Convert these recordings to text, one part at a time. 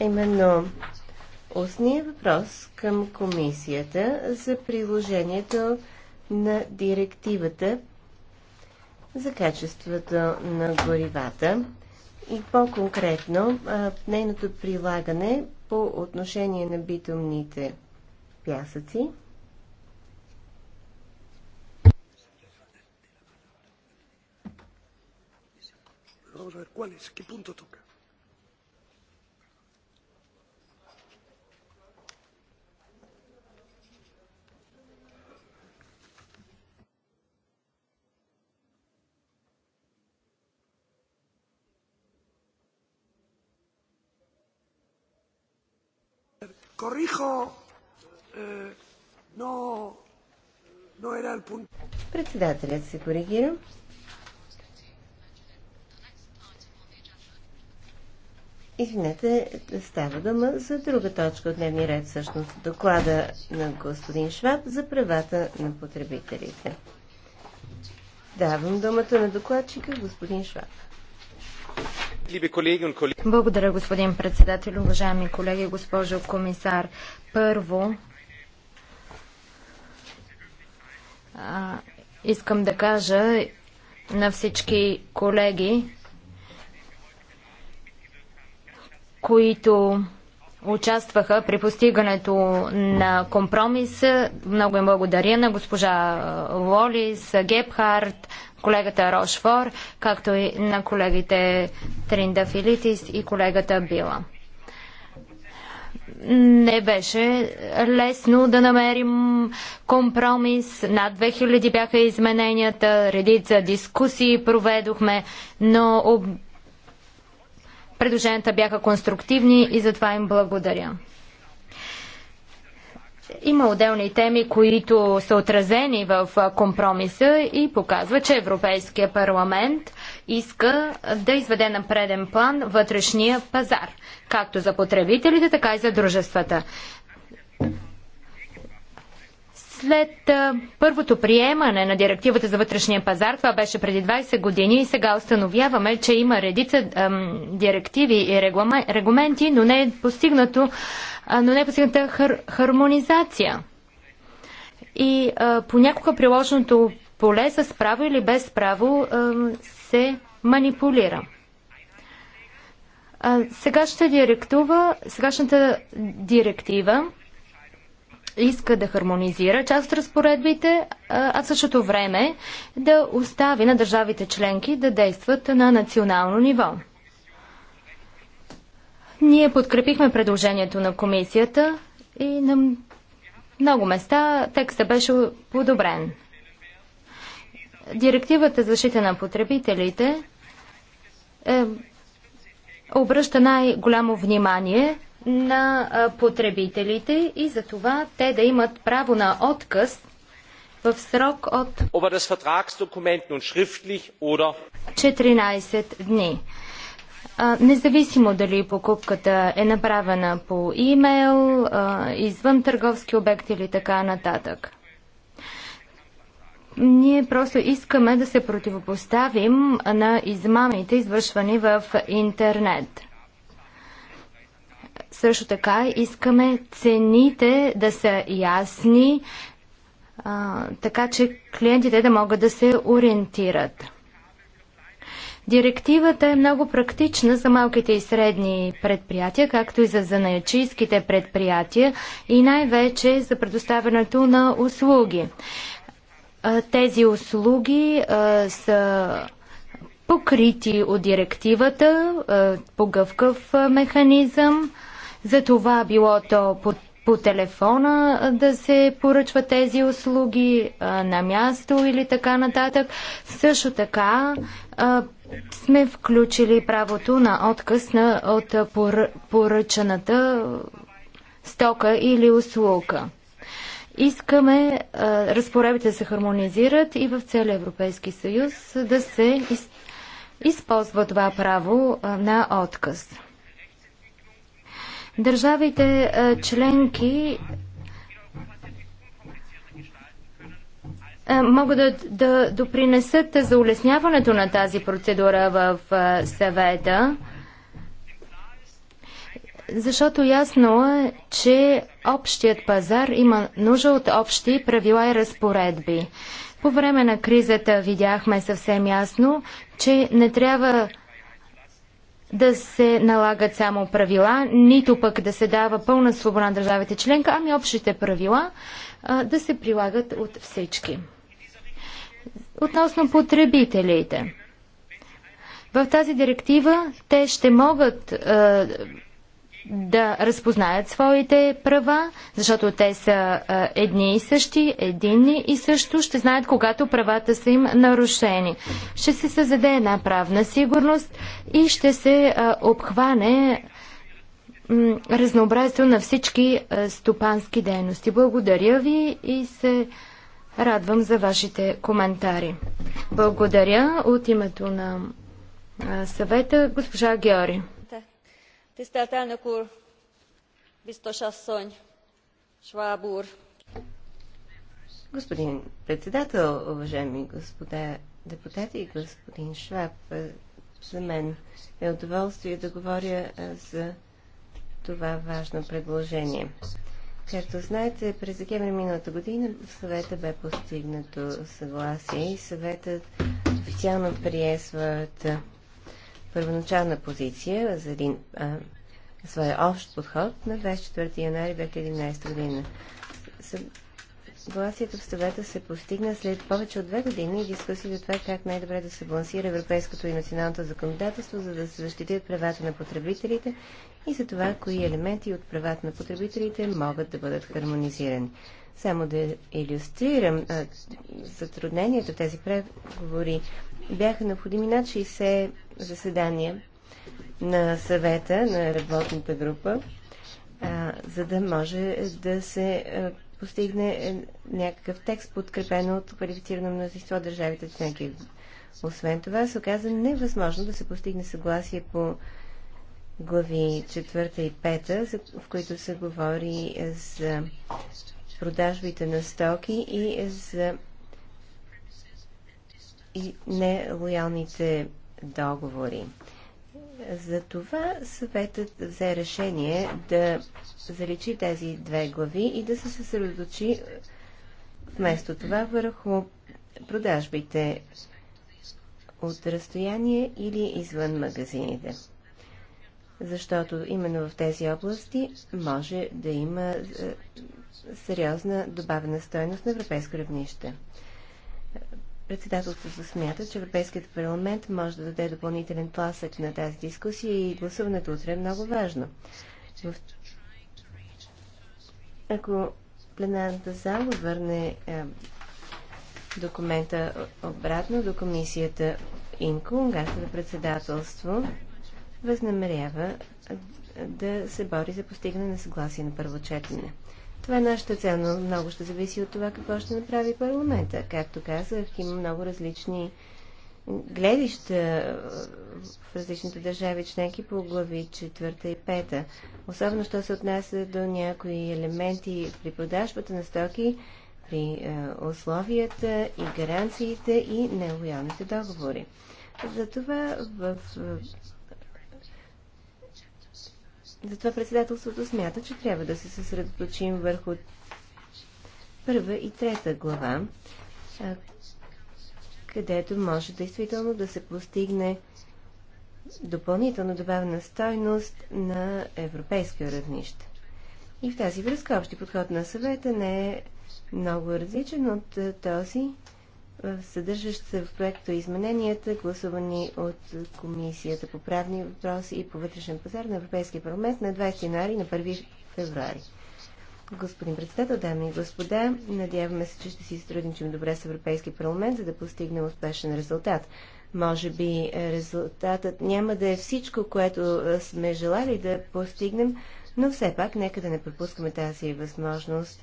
именно устния въпрос към комисията за приложението на директивата за качеството на горивата и по-конкретно нейното прилагане по отношение на битумните пясъци. Vamos a ver cuál es, qué punto toca. Corrijo, eh, no, no era el punto. Председателят се коригира. Извинете, става дума за друга точка от дневния ред, всъщност доклада на господин Шваб за правата на потребителите. Давам думата на докладчика господин Шваб. Благодаря, господин председател, уважаеми колеги, госпожо комисар. Първо, а, искам да кажа на всички колеги, които участваха при постигането на компромис. Много им благодаря на госпожа Лолис, Гепхарт, колегата Рошфор, както и на колегите Тринда Филитис и колегата Била. Не беше лесно да намерим компромис. Над 2000 бяха измененията, редица дискусии проведохме, но Предложенията бяха конструктивни и затова им благодаря. Има отделни теми, които са отразени в компромиса и показва, че Европейския парламент иска да изведе на преден план вътрешния пазар, както за потребителите, така и за дружествата след а, първото приемане на директивата за вътрешния пазар, това беше преди 20 години и сега установяваме, че има редица директиви и регламенти, но не е постигнато, а, но не е постигната хар, хармонизация. И а, понякога приложеното поле с право или без право а, се манипулира. А, сегашната, директива, сегашната директива иска да хармонизира част от разпоредбите, а в същото време да остави на държавите членки да действат на национално ниво. Ние подкрепихме предложението на комисията и на много места текста беше подобрен. Директивата за защита на потребителите е, обръща най-голямо внимание на потребителите и за това те да имат право на отказ в срок от 14 er дни. Независимо дали покупката е направена по имейл, извън търговски обект или така нататък. Ние просто искаме да се противопоставим на измамите, извършвани в интернет. Също така искаме цените да са ясни, а, така че клиентите да могат да се ориентират. Директивата е много практична за малките и средни предприятия, както и за занаячийските предприятия и най-вече за предоставянето на услуги. Тези услуги а, са покрити от директивата а, по гъвкав механизъм. За това било то по, по телефона да се поръчва тези услуги а, на място или така нататък. Също така а, сме включили правото на отказ на, от пор, поръчаната стока или услуга. Искаме а, разпоредите да се хармонизират и в целия Европейски съюз да се из, използва това право а, на отказ. Държавите е, членки е, могат да, да допринесат за улесняването на тази процедура в е, съвета, защото ясно е, че общият пазар има нужда от общи правила и разпоредби. По време на кризата видяхме съвсем ясно, че не трябва да се налагат само правила, нито пък да се дава пълна свобода на държавите членка, ами общите правила а, да се прилагат от всички. Относно потребителите. В тази директива те ще могат а, да разпознаят своите права, защото те са едни и същи, единни и също ще знаят когато правата са им нарушени. Ще се създаде една правна сигурност и ще се обхване разнообразието на всички стопански дейности. Благодаря ви и се радвам за вашите коментари. Благодаря от името на съвета госпожа Геори tisztelt elnök úr biztos asszony schwab úr! Господин председател, уважаеми господа депутати и господин Шваб, е, за мен е удоволствие да говоря е, за това важно предложение. Както знаете, през декември миналата година в съвета бе постигнато съгласие и съветът официално прие своята първоначална позиция за един а, своя общ подход на 24 януари 2011 година. Съгласието в съвета се постигна след повече от две години и дискусии за това как най-добре да се балансира европейското и националното законодателство, за да се защитят правата на потребителите и за това кои елементи от правата на потребителите могат да бъдат хармонизирани. Само да иллюстрирам затрудненията затруднението тези преговори бяха необходими над 60 заседания на съвета, на работната група, а, за да може да се постигне е, някакъв текст, подкрепен от квалифицирано мнозинство държавите членки. Освен това, се оказа невъзможно да се постигне съгласие по глави 4 и 5, в които се говори за продажбите на стоки и за и нелоялните договори. Затова съветът взе решение да заличи тези две глави и да се съсредоточи вместо това върху продажбите от разстояние или извън магазините. Защото именно в тези области може да има е, сериозна добавена стойност на европейско равнище. Председателството смята, че Европейският парламент може да даде допълнителен тласък на тази дискусия и гласуването утре е много важно. В... Ако пленарната зала върне е, документа обратно до комисията Инко, унгарското председателство възнамерява да се бори за постигане на съгласие на първо четене. Това е нашата цел, но много ще зависи от това какво ще направи парламента. Както казах, има много различни гледища в различните държави членки по глави четвърта и пета. Особено, що се отнася до някои елементи при продажбата на стоки, при е, условията и гаранциите и нелоялните договори. Затова в затова председателството смята, че трябва да се съсредоточим върху първа и трета глава, където може действително да се постигне допълнително добавена стойност на европейско равнище. И в тази връзка общи подход на съвета не е много различен от този, съдържащ се в проекта измененията, гласувани от Комисията по правни въпроси и по вътрешен пазар на Европейския парламент на 20 януари на 1 февруари. Господин председател, дами и господа, надяваме се, че ще си сътрудничим добре с Европейския парламент, за да постигнем успешен резултат. Може би е, резултатът няма да е всичко, което е, сме желали да постигнем, но все пак нека да не пропускаме тази възможност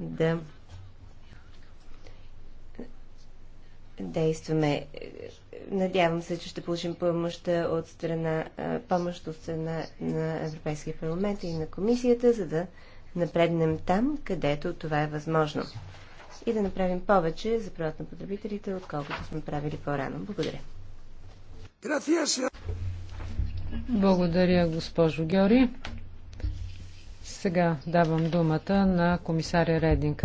да действаме. Надявам се, че ще получим помощта от страна, помощ от страна на Европейския парламент и на комисията, за да напреднем там, където това е възможно. И да направим повече за правата на потребителите, отколкото сме правили по-рано. Благодаря. Благодаря, госпожо Георги. Сега давам думата на комисаря Рединг.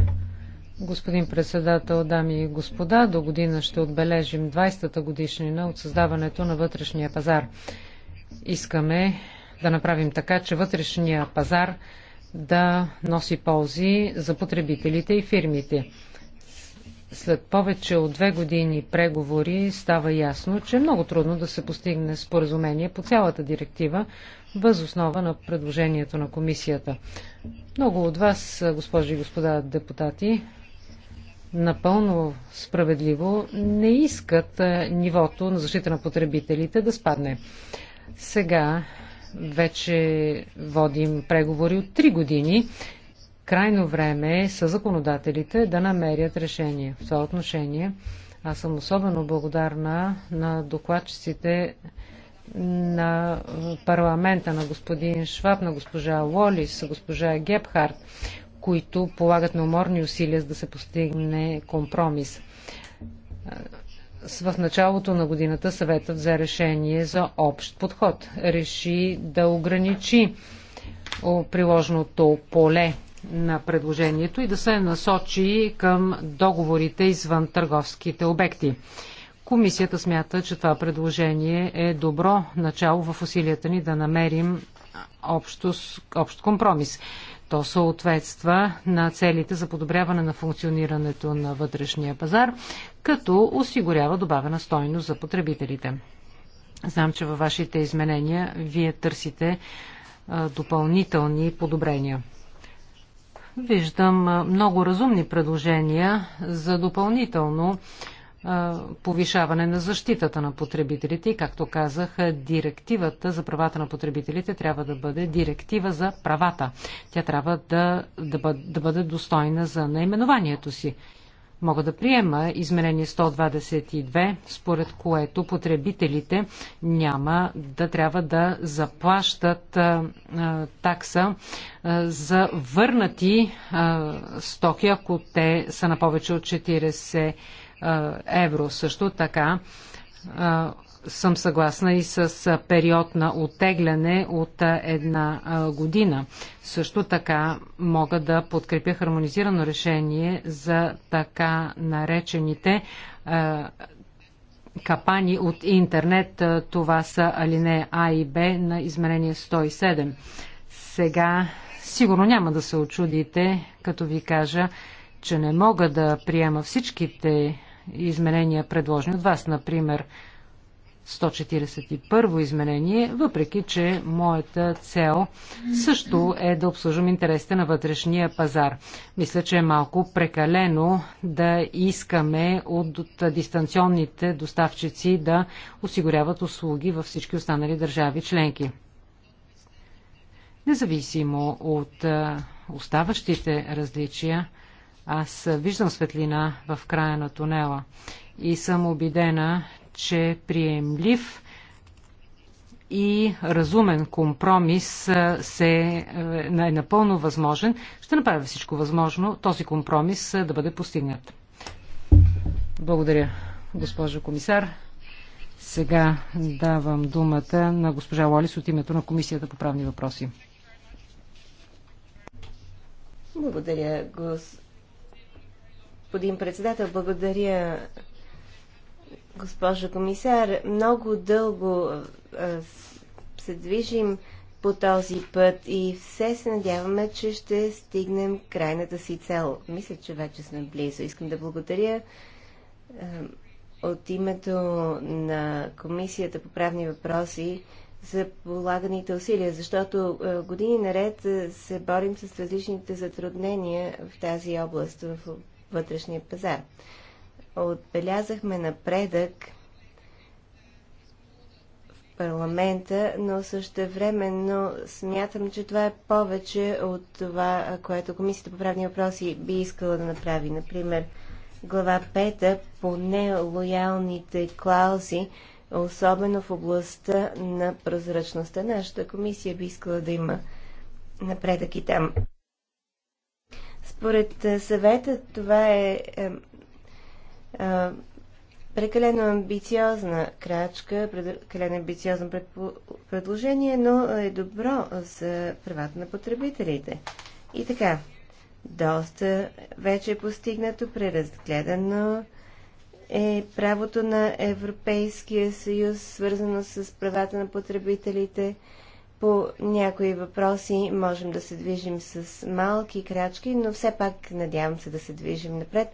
Господин председател, дами и господа, до година ще отбележим 20-та годишнина от създаването на вътрешния пазар. Искаме да направим така, че вътрешния пазар да носи ползи за потребителите и фирмите. След повече от две години преговори става ясно, че е много трудно да се постигне споразумение по цялата директива въз основа на предложението на комисията. Много от вас, госпожи и господа депутати, напълно справедливо не искат е, нивото на защита на потребителите да спадне. Сега вече водим преговори от 3 години. Крайно време е с законодателите да намерят решение. В това отношение аз съм особено благодарна на докладчиците на е, парламента, на господин Шваб, на госпожа Лолис, госпожа Гепхарт, които полагат неуморни усилия, за да се постигне компромис. В началото на годината съвета взе решение за общ подход. Реши да ограничи приложното поле на предложението и да се насочи към договорите извън търговските обекти. Комисията смята, че това предложение е добро начало в усилията ни да намерим общ компромис то съответства на целите за подобряване на функционирането на вътрешния пазар, като осигурява добавена стойност за потребителите. Знам, че във вашите изменения вие търсите допълнителни подобрения. Виждам много разумни предложения за допълнително повишаване на защитата на потребителите и, както казах, директивата за правата на потребителите трябва да бъде директива за правата. Тя трябва да, да, бъде, да бъде достойна за наименованието си. Мога да приема изменение 122, според което потребителите няма да трябва да заплащат а, а, такса а, за върнати а, стоки, ако те са на повече от 40 евро. Също така съм съгласна и с период на оттегляне от една година. Също така мога да подкрепя хармонизирано решение за така наречените капани от интернет. Това са алинея А и Б на измерение 107. Сега сигурно няма да се очудите, като ви кажа, че не мога да приема всичките изменения, предложени от вас. Например, 141 изменение, въпреки че моята цел също е да обслужвам интересите на вътрешния пазар. Мисля, че е малко прекалено да искаме от, от дистанционните доставчици да осигуряват услуги във всички останали държави членки. Независимо от оставащите различия, аз виждам светлина в края на тунела и съм убедена, че приемлив и разумен компромис се, е напълно възможен. Ще направя всичко възможно този компромис да бъде постигнат. Благодаря, госпожо комисар. Сега давам думата на госпожа Лолис от името на Комисията по правни въпроси. Благодаря, гос господин председател. Благодаря, госпожо комисар. Много дълго а, се движим по този път и все се надяваме, че ще стигнем крайната си цел. Мисля, че вече сме близо. Искам да благодаря а, от името на Комисията по правни въпроси за полаганите усилия, защото години наред се борим с различните затруднения в тази област, в вътрешния пазар. Отбелязахме напредък в парламента, но същевременно смятам, че това е повече от това, което Комисията по правни въпроси би искала да направи. Например, глава 5 по нелоялните клаузи, особено в областта на прозрачността. Нашата комисия би искала да има напредък и там. Според е, съвета това е, е, е прекалено амбициозна крачка, прекалено амбициозно предложение, но е добро за правата на потребителите. И така, доста вече е постигнато, преразгледано е правото на Европейския съюз, свързано с правата на потребителите – по някои въпроси можем да се движим с малки крачки, но все пак надявам се да се движим напред,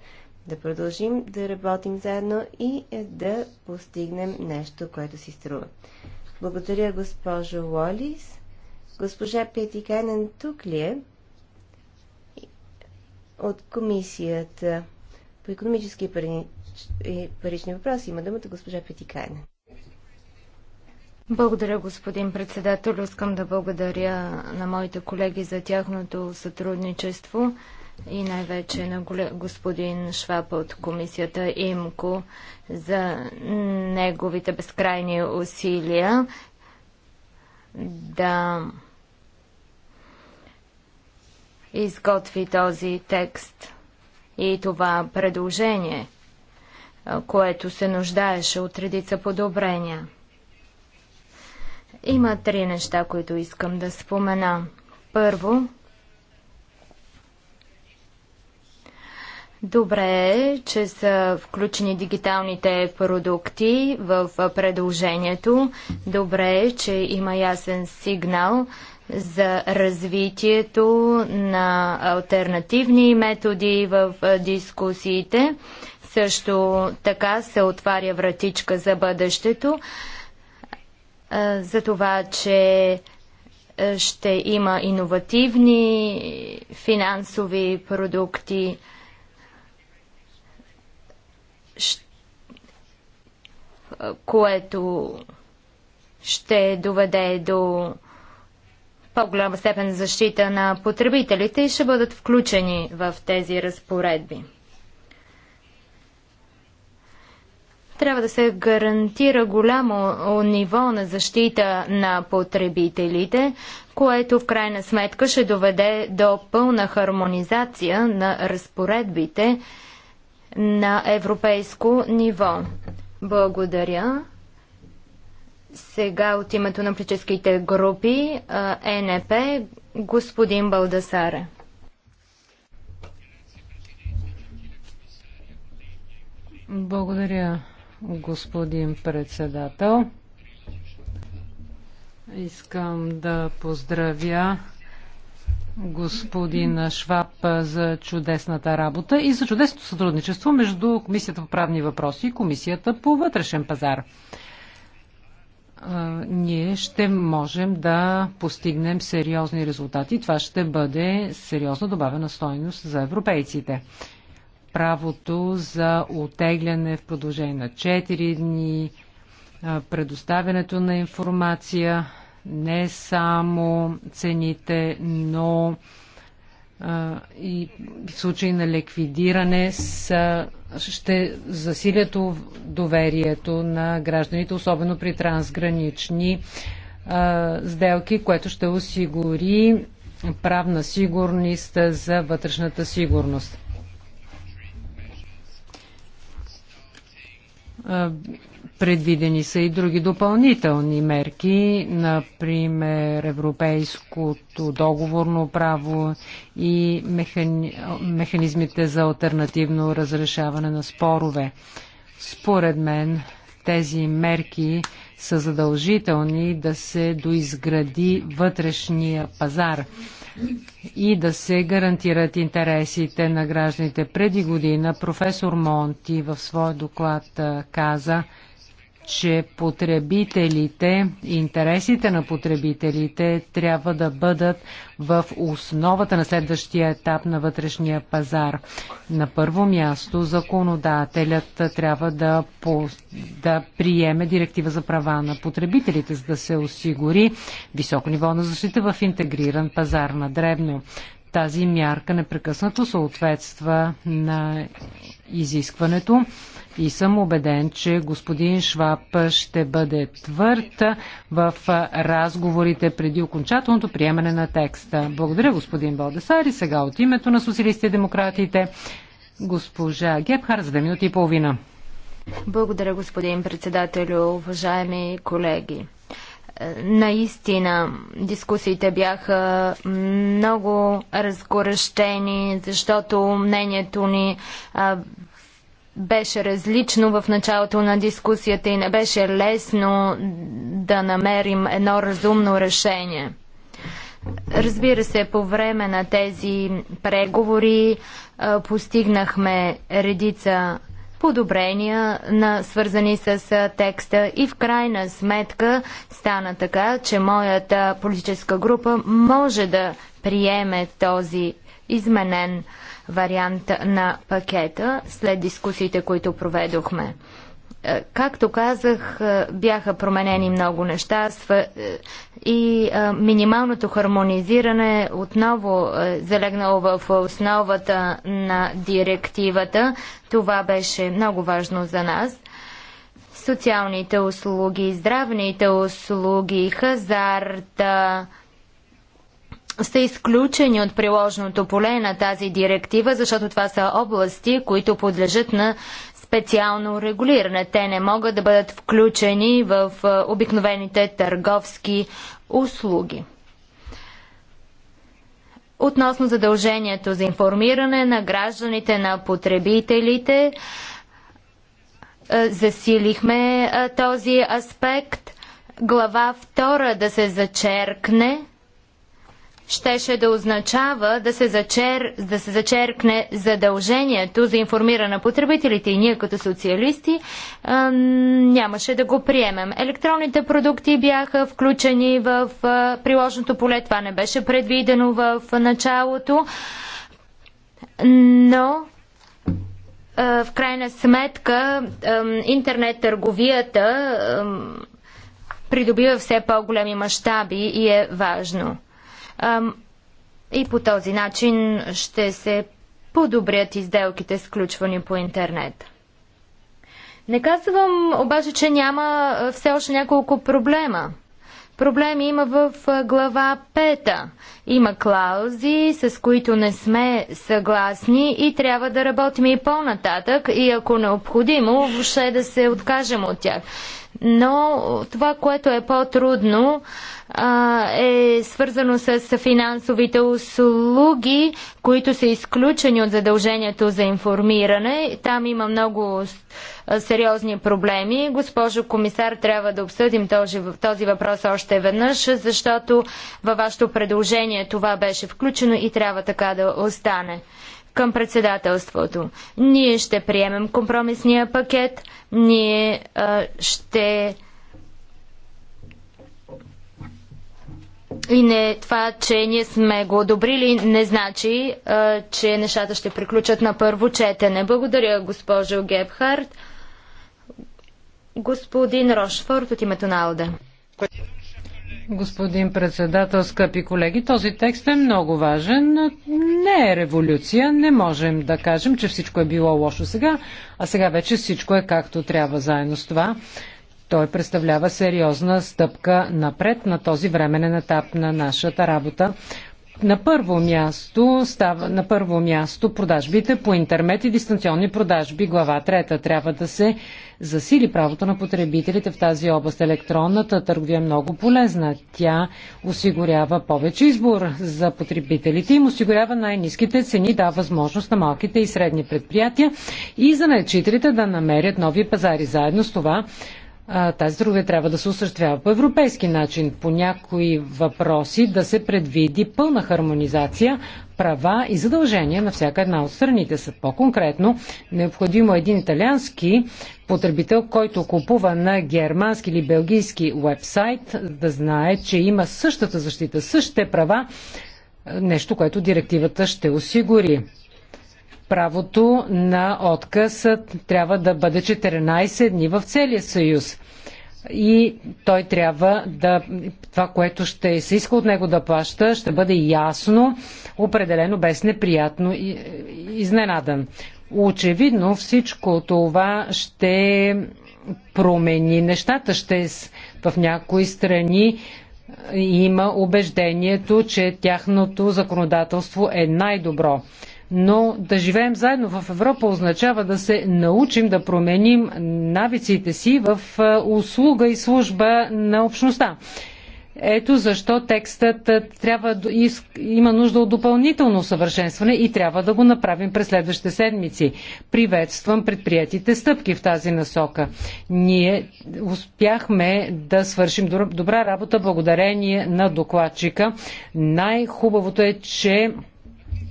да продължим да работим заедно и е, да постигнем нещо, което си струва. Благодаря, госпожо Лолис. Госпожа Петиканен тук ли е? От комисията по економически и парични въпроси има думата госпожа Петиканен. Благодаря, господин председател. Искам да благодаря на моите колеги за тяхното сътрудничество и най-вече на господин Шваб от комисията ИМКО за неговите безкрайни усилия да изготви този текст и това предложение, което се нуждаеше от редица подобрения. Има три неща, които искам да спомена. Първо, Добре е, че са включени дигиталните продукти в предложението. Добре е, че има ясен сигнал за развитието на альтернативни методи в дискусиите. Също така се отваря вратичка за бъдещето за това, че ще има иновативни финансови продукти. което ще доведе до по-голяма степен защита на потребителите и ще бъдат включени в тези разпоредби. Трябва да се гарантира голямо ниво на защита на потребителите, което в крайна сметка ще доведе до пълна хармонизация на разпоредбите на европейско ниво. Благодаря. Сега от името на политическите групи ЕНП господин Балдасаре. Благодаря, господин председател. Искам да поздравя господин Шваб за чудесната работа и за чудесното сътрудничество между Комисията по правни въпроси и Комисията по вътрешен пазар. Ние ще можем да постигнем сериозни резултати. Това ще бъде сериозна добавена стойност за европейците правото за отегляне в продължение на 4 дни, предоставянето на информация, не само цените, но и в случай на ликвидиране са, ще засилят доверието на гражданите, особено при трансгранични а, сделки, което ще осигури правна сигурност за вътрешната сигурност. Предвидени са и други допълнителни мерки, например Европейското договорно право и механизмите за альтернативно разрешаване на спорове. Според мен тези мерки са задължителни да се доизгради вътрешния пазар и да се гарантират интересите на гражданите. Преди година професор Монти в своя доклад каза, че потребителите, интересите на потребителите трябва да бъдат в основата на следващия етап на вътрешния пазар. На първо място законодателят трябва да, по, да приеме директива за права на потребителите, за да се осигури високо ниво на защита в интегриран пазар на древно. Тази мярка непрекъснато съответства на изискването и съм убеден, че господин Шваб ще бъде твърд в разговорите преди окончателното приемане на текста. Благодаря господин Балдесар и сега от името на социалистите и демократите госпожа Гепхар за две минути и половина. Благодаря господин председател, уважаеми колеги. Е, наистина, дискусиите бяха много разгорещени, защото мнението ни беше различно в началото на дискусията и не беше лесно да намерим едно разумно решение. Разбира се, по време на тези преговори постигнахме редица подобрения на свързани с текста и в крайна сметка стана така, че моята политическа група може да приеме този изменен вариант на пакета след дискусиите, които проведохме. Е, както казах, е, бяха променени много неща е, и минималното хармонизиране отново залегнало в основата на директивата. Това беше много важно за нас. Социалните услуги, здравните услуги, хазарта, са изключени от приложното поле на тази директива, защото това са области, които подлежат на специално регулиране. Те не могат да бъдат включени в обикновените търговски услуги. Относно задължението за информиране на гражданите, на потребителите, засилихме този аспект. Глава 2 да се зачеркне – щеше да означава да се, зачер, да се зачеркне задължението за информиране на потребителите и ние като социалисти а, нямаше да го приемем. Електронните продукти бяха включени в а, приложното поле. Това не беше предвидено в началото, но а, в крайна сметка а, интернет търговията а, придобива все по-големи мащаби и е важно. И по този начин ще се подобрят изделките, сключвани по интернет. Не казвам обаче, че няма все още няколко проблема. Проблеми има в глава 5. Има клаузи, с които не сме съгласни и трябва да работим и по-нататък и ако необходимо, въобще да се откажем от тях. Но това, което е по-трудно, е свързано с финансовите услуги, които са изключени от задължението за информиране. Там има много сериозни проблеми. Госпожо комисар, трябва да обсъдим този, този въпрос още веднъж, защото във вашето предложение това беше включено и трябва така да остане към председателството. Ние ще приемем компромисния пакет, ние а, ще. И не, това, че ние сме го одобрили, не значи, а, че нещата ще приключат на първо четене. Благодаря, госпожо Гебхард. Господин Рошфорд от името на Алда. Господин председател, скъпи колеги, този текст е много важен. Не е революция. Не можем да кажем, че всичко е било лошо сега, а сега вече всичко е както трябва заедно с това. Той представлява сериозна стъпка напред на този временен етап на нашата работа. На първо, място, става, на първо място продажбите по интернет и дистанционни продажби. Глава трета. трябва да се засили правото на потребителите в тази област. Електронната търговия е много полезна. Тя осигурява повече избор за потребителите, им осигурява най-низките цени, дава възможност на малките и средни предприятия и за наречителите да намерят нови пазари. Заедно с това тази стратегия трябва да се осъществява по европейски начин, по някои въпроси да се предвиди пълна хармонизация, права и задължения на всяка една от страните. Са по-конкретно необходимо е един италиански потребител, който купува на германски или белгийски вебсайт, да знае, че има същата защита, същите права, нещо, което директивата ще осигури правото на отказ трябва да бъде 14 дни в целия съюз. И той трябва да. Това, което ще се иска от него да плаща, ще бъде ясно, определено, без неприятно и изненадан. Очевидно всичко това ще промени нещата. Ще в някои страни е, има убеждението, че тяхното законодателство е най-добро но да живеем заедно в Европа означава да се научим да променим навиците си в е, услуга и служба на общността. Ето защо текстът е, трябва, има нужда от допълнително усъвършенстване и трябва да го направим през следващите седмици. Приветствам предприятите стъпки в тази насока. Ние успяхме да свършим добра работа благодарение на докладчика. Най-хубавото е, че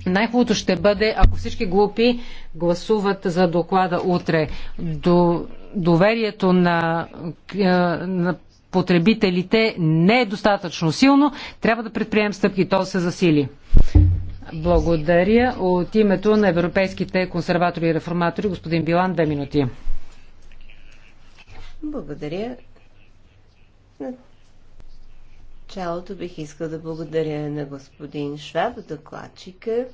най-хубавото ще бъде, ако всички глупи гласуват за доклада утре. До, доверието на, е, на потребителите не е достатъчно силно. Трябва да предприемем стъпки, то се засили. Благодаря. От името на европейските консерватори и реформатори, господин Билан, две минути. Благодаря началото бих искал да благодаря на господин Шваб, докладчика,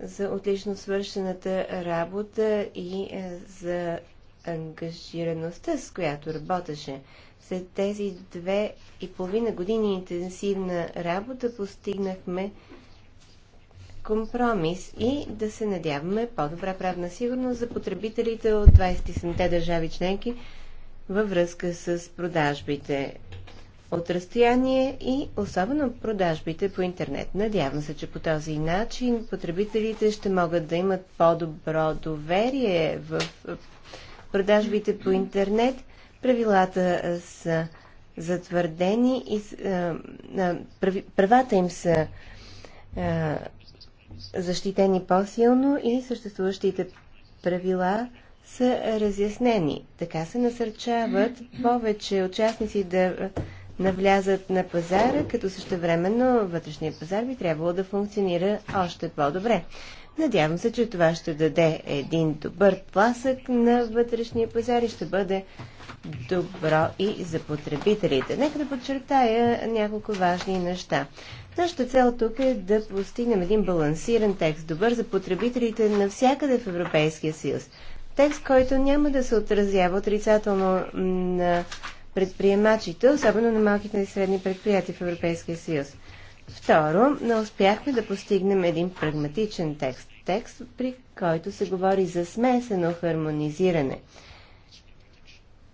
за отлично свършената работа и е, за ангажираността, с която работеше. След тези две и половина години интенсивна работа постигнахме компромис и да се надяваме по-добра правна сигурност за потребителите от 27-те държави членки във връзка с продажбите от разстояние и особено продажбите по интернет. Надявам се, че по този начин потребителите ще могат да имат по-добро доверие в продажбите по интернет. Правилата са затвърдени и правата им са защитени по-силно и съществуващите правила са разяснени. Така се насърчават повече участници да навлязат на пазара, като същевременно вътрешния пазар би трябвало да функционира още по-добре. Надявам се, че това ще даде един добър тласък на вътрешния пазар и ще бъде добро и за потребителите. Нека да подчертая няколко важни неща. Нашата цел тук е да постигнем един балансиран текст, добър за потребителите навсякъде в Европейския съюз. Текст, който няма да се отразява отрицателно на предприемачите, особено на малките и средни предприятия в Европейския съюз. Второ, не успяхме да постигнем един прагматичен текст. Текст, при който се говори за смесено хармонизиране.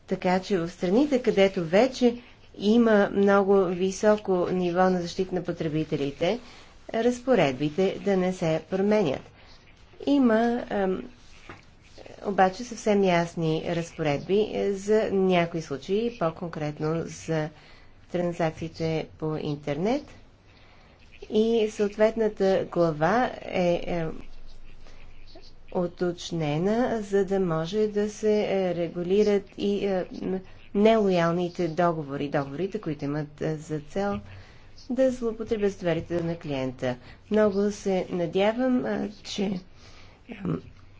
Така че в страните, където вече има много високо ниво на защита на потребителите, разпоредбите да не се променят. Има ам, обаче съвсем ясни разпоредби е, за някои случаи, по-конкретно за транзакциите по интернет. И съответната глава е, оточнена, е, за да може да се е, регулират и нелоялните договори, договорите, които имат за цел да злоупотребят с доверието на клиента. Много се надявам, че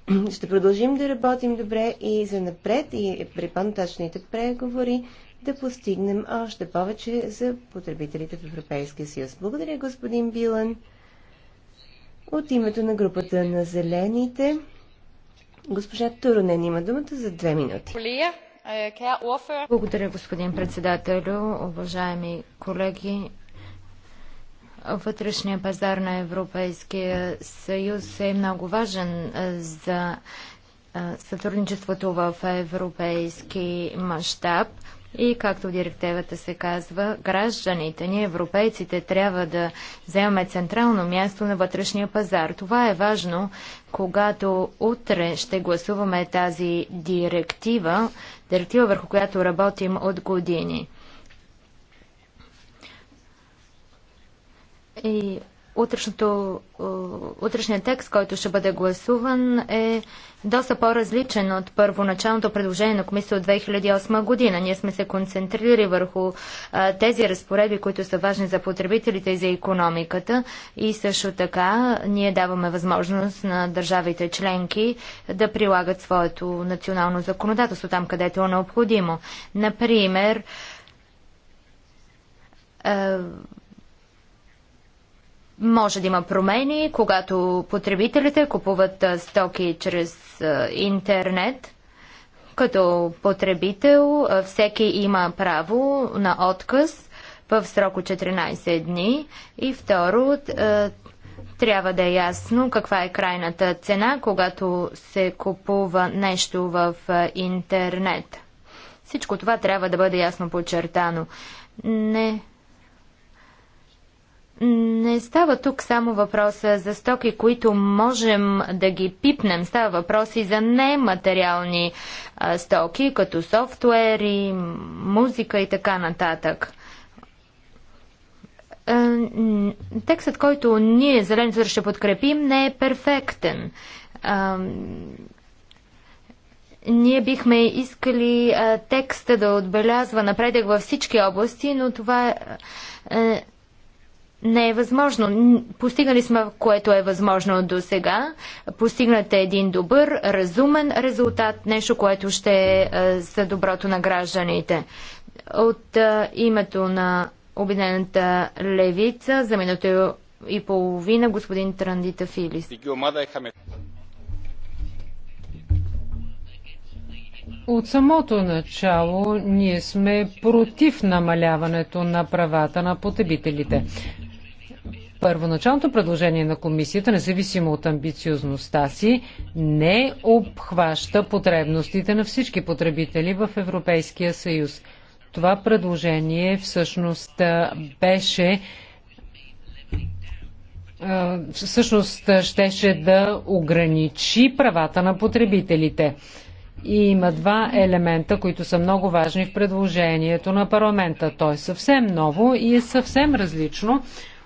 ще продължим да работим добре и за напред и е при по-нататъчните преговори да постигнем още повече за потребителите в Европейския съюз. Благодаря, господин Билан. От името на групата на зелените, госпожа Турунен има думата за две минути. Е, Благодаря, господин председател, Уважаеми колеги, Вътрешния пазар на Европейския съюз е много важен за сътрудничеството в европейски мащаб. И както в директивата се казва, гражданите, ние европейците, трябва да вземаме централно място на вътрешния пазар. Това е важно, когато утре ще гласуваме тази директива, директива върху която работим от години. И утрешното, е, утрешният текст, който ще бъде гласуван, е доста по-различен от първоначалното предложение на комисия от 2008 година. Ние сме се концентрирали върху а, е, тези разпоредби, които са важни за потребителите и за економиката. И също така ние даваме възможност на държавите членки да прилагат своето национално законодателство там, където е необходимо. Например, а, е, може да има промени, когато потребителите купуват стоки чрез интернет. Като потребител всеки има право на отказ в срок от 14 дни и второ трябва да е ясно каква е крайната цена, когато се купува нещо в интернет. Всичко това трябва да бъде ясно подчертано. Не не става тук само въпроса за стоки, които можем да ги пипнем. Става въпрос и за нематериални а, стоки, като софтуери, музика и така нататък. А, текстът, който ние, Зеленцур, ще подкрепим, не е перфектен. А, ние бихме искали а, текста да отбелязва напредък във всички области, но това е, не е възможно. Постигнали сме, което е възможно до сега. Постигнат е един добър, разумен резултат, нещо, което ще е, е за доброто на гражданите. От е, името на Обединената левица, за минута и половина, господин Трандита Филис. От самото начало ние сме против намаляването на правата на потребителите. Първоначалното предложение на комисията, независимо от амбициозността си, не обхваща потребностите на всички потребители в Европейския съюз. Това предложение всъщност беше всъщност щеше да ограничи правата на потребителите. И има два елемента, които са много важни в предложението на парламента. Той е съвсем ново и е съвсем различно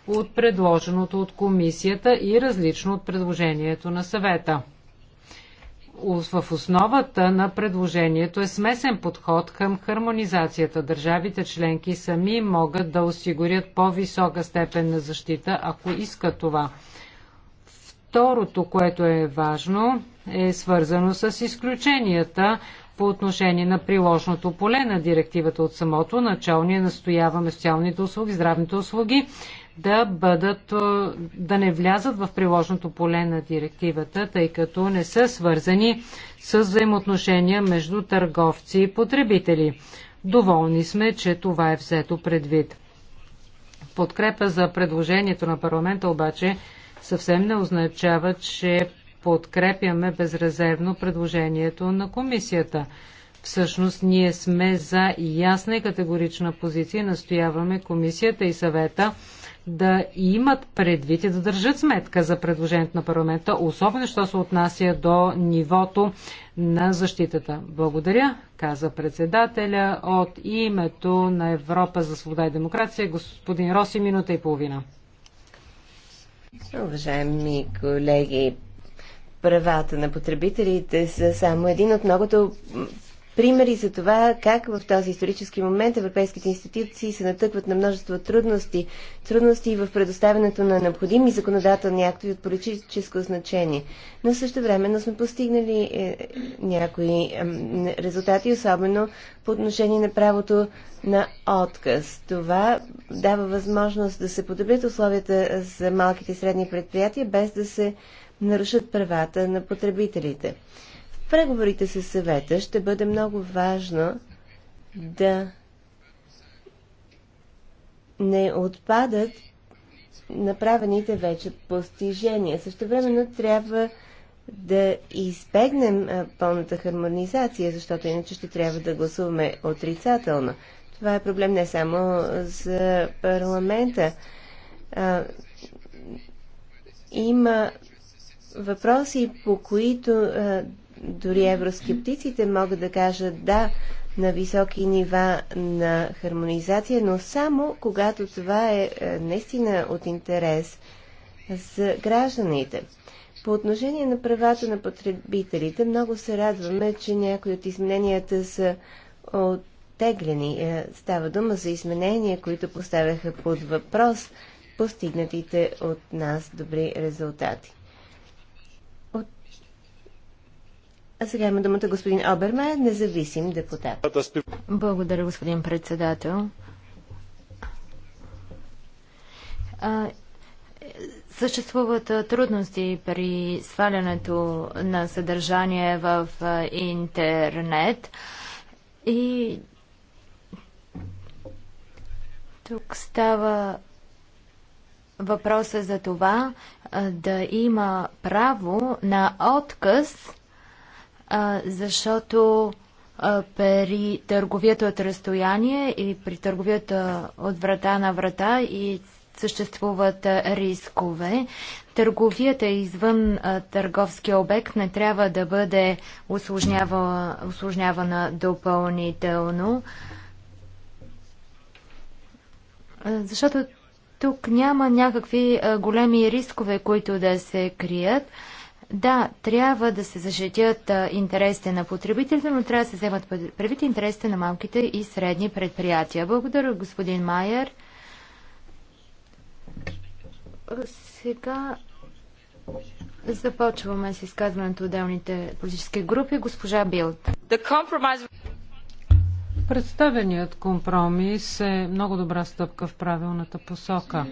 от предложеното от комисията и различно от предложението на съвета. В основата на предложението е смесен подход към хармонизацията. Държавите членки сами могат да осигурят по-висока степен на защита, ако искат това. Второто, което е важно, е свързано с изключенията по отношение на приложното поле на директивата от самото начало. Ние настояваме социалните услуги, здравните услуги да, бъдат, да не влязат в приложното поле на директивата, тъй като не са свързани с взаимоотношения между търговци и потребители. Доволни сме, че това е взето предвид. Подкрепа за предложението на парламента обаче съвсем не означава, че подкрепяме безрезервно предложението на комисията. Всъщност ние сме за ясна и категорична позиция и настояваме комисията и съвета да имат предвид и да държат сметка за предложението на парламента, особено що се отнася до нивото на защитата. Благодаря, каза председателя от името на Европа за свобода и демокрация, господин Роси, минута и половина. Уважаеми колеги, правата на потребителите са само един от многото примери за това как в този исторически момент европейските институции се натъкват на множество трудности, трудности в предоставянето на необходими законодателни актови от политическо значение. Но също времено сме постигнали е, някои е, резултати, особено по отношение на правото на отказ. Това дава възможност да се подобрят условията за малките и средни предприятия, без да се нарушат правата на потребителите преговорите с съвета ще бъде много важно да не отпадат направените вече постижения. Също времено трябва да избегнем пълната хармонизация, защото иначе ще трябва да гласуваме отрицателно. Това е проблем не само за парламента. А, има въпроси, по които а, дори евроскептиците могат да кажат да на високи нива на хармонизация, но само когато това е, е наистина от интерес за гражданите. По отношение на правата на потребителите, много се радваме, че някои от измененията са оттеглени. Е, става дума за изменения, които поставяха под въпрос постигнатите от нас добри резултати. А сега има думата господин Оберме, независим депутат. Благодаря, господин председател. А, съществуват трудности при свалянето на съдържание в интернет и тук става въпроса за това да има право на отказ а, защото а, при търговията от разстояние и при търговията от врата на врата и съществуват рискове. Търговията извън а, търговския обект не трябва да бъде осложнявана, осложнявана допълнително, защото тук няма някакви а, големи рискове, които да се крият. Да, трябва да се защитят интересите на потребителите, но трябва да се вземат предвид интересите на малките и средни предприятия. Благодаря, господин Майер. Сега започваме с изказването от отделните политически групи. Госпожа Билт. Compromise... Представеният компромис е много добра стъпка в правилната посока.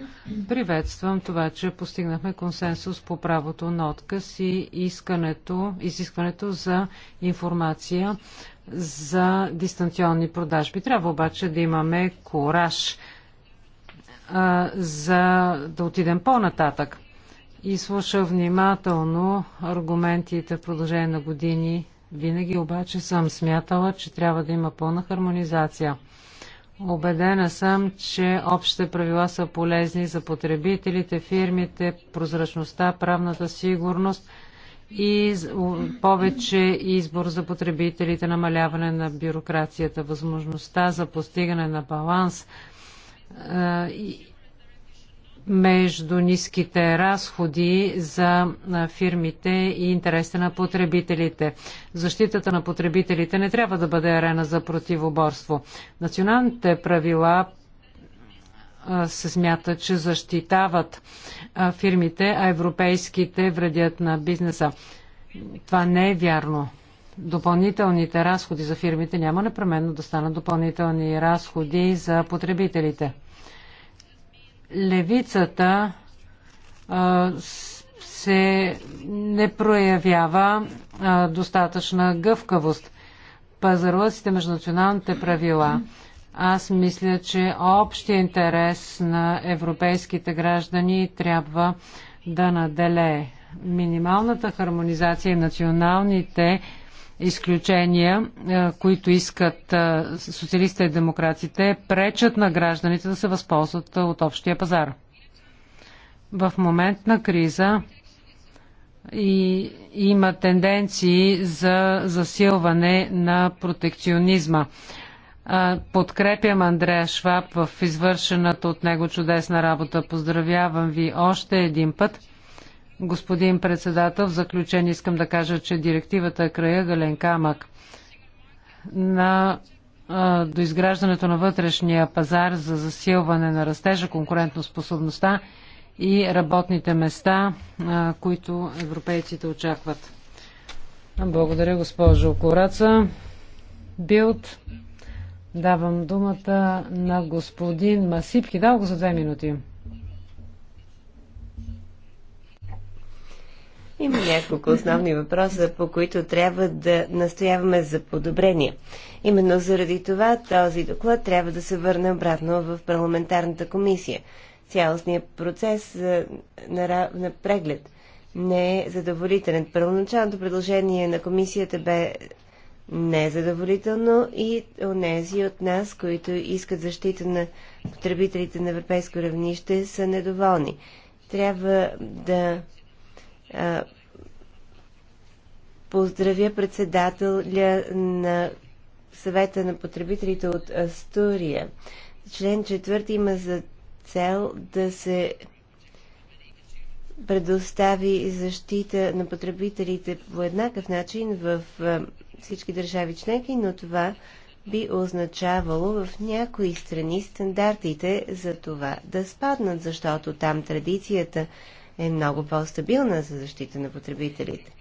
Приветствам това, че постигнахме консенсус по правото на отказ и искането, изискването за информация за дистанционни продажби. Трябва обаче да имаме кораж а, за да отидем по-нататък. И слуша внимателно аргументите в продължение на години винаги обаче съм смятала, че трябва да има пълна хармонизация. Обедена съм, че общите правила са полезни за потребителите, фирмите, прозрачността, правната сигурност и повече избор за потребителите, намаляване на бюрокрацията, възможността за постигане на баланс между ниските разходи за фирмите и интересите на потребителите. Защитата на потребителите не трябва да бъде арена за противоборство. Националните правила се смята, че защитават фирмите, а европейските вредят на бизнеса. Това не е вярно. Допълнителните разходи за фирмите няма непременно да станат допълнителни разходи за потребителите левицата се не проявява достатъчна гъвкавост. Пазарлъците между националните правила. Аз мисля, че общия интерес на европейските граждани трябва да наделее. Минималната хармонизация и националните изключения, е, които искат е, социалистите и демократите, пречат на гражданите да се възползват е, от общия пазар. В момент на криза и има тенденции за засилване на протекционизма. Подкрепям Андрея Шваб в извършената от него чудесна работа. Поздравявам ви още един път. Господин председател, в заключение искам да кажа, че директивата е края гален камък на до изграждането на вътрешния пазар за засилване на растежа, конкурентоспособността и работните места, които европейците очакват. Благодаря, госпожо Кораца. Билд, давам думата на господин Масипки. Дал го за две минути. Има няколко основни въпроса, по които трябва да настояваме за подобрение. Именно заради това този доклад трябва да се върне обратно в парламентарната комисия. Цялостният процес на, на преглед не е задоволителен. Първоначалното предложение на комисията бе незадоволително и онези от нас, които искат защита на потребителите на европейско равнище, са недоволни. Трябва да поздравя председателя на съвета на потребителите от Астурия. Член 4 има за цел да се предостави защита на потребителите по еднакъв начин в всички държави членки, но това би означавало в някои страни стандартите за това да спаднат, защото там традицията е много по-стабилна за защита на потребителите.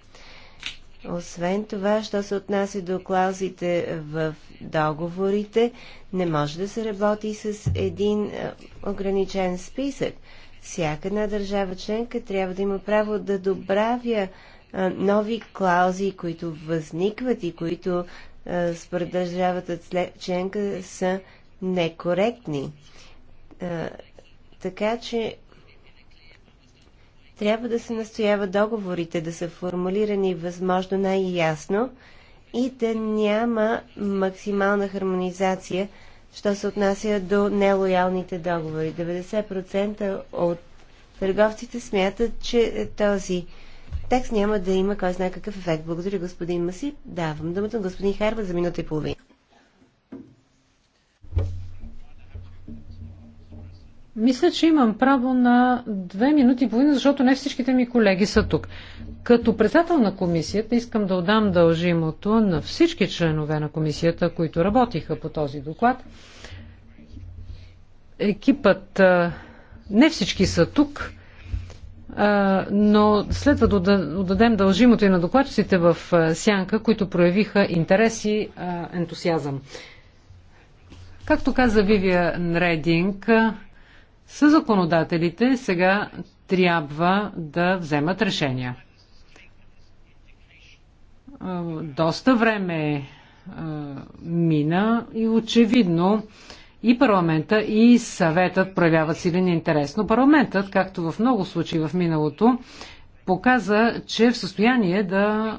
Освен това, що се отнася до клаузите в договорите, не може да се работи с един е, ограничен списък. Всяка една държава членка трябва да има право да добравя е, нови клаузи, които възникват и които е, според държавата членка са некоректни. Така че трябва да се настоява договорите да са формулирани възможно най-ясно и да няма максимална хармонизация, що се отнася до нелоялните договори. 90% от търговците смятат, че този текст няма да има кой знае какъв ефект. Благодаря, господин Масип. Давам думата на господин Харва за минута и половина. Мисля, че имам право на две минути и половина, защото не всичките ми колеги са тук. Като председател на комисията искам да отдам дължимото на всички членове на комисията, които работиха по този доклад. Екипът, не всички са тук, но следва да отдадем дължимото и на докладчиците в Сянка, които проявиха интерес и ентусиазъм. Както каза Вивия Рединг, със законодателите сега трябва да вземат решения. Доста време мина и очевидно и парламента, и съветът проявяват силен интерес. Но парламентът, както в много случаи в миналото, показа, че е в състояние да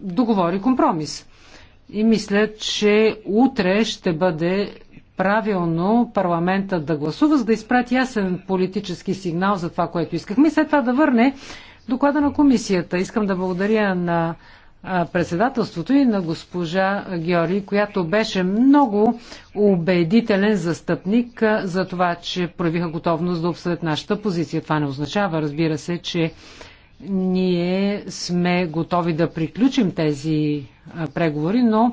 договори компромис. И мисля, че утре ще бъде правилно парламента да гласува, за да изпрати ясен политически сигнал за това, което искахме и след това да върне доклада на комисията. Искам да благодаря на председателството и на госпожа Георги, която беше много убедителен застъпник за това, че проявиха готовност да обсъдят нашата позиция. Това не означава, разбира се, че ние сме готови да приключим тези преговори, но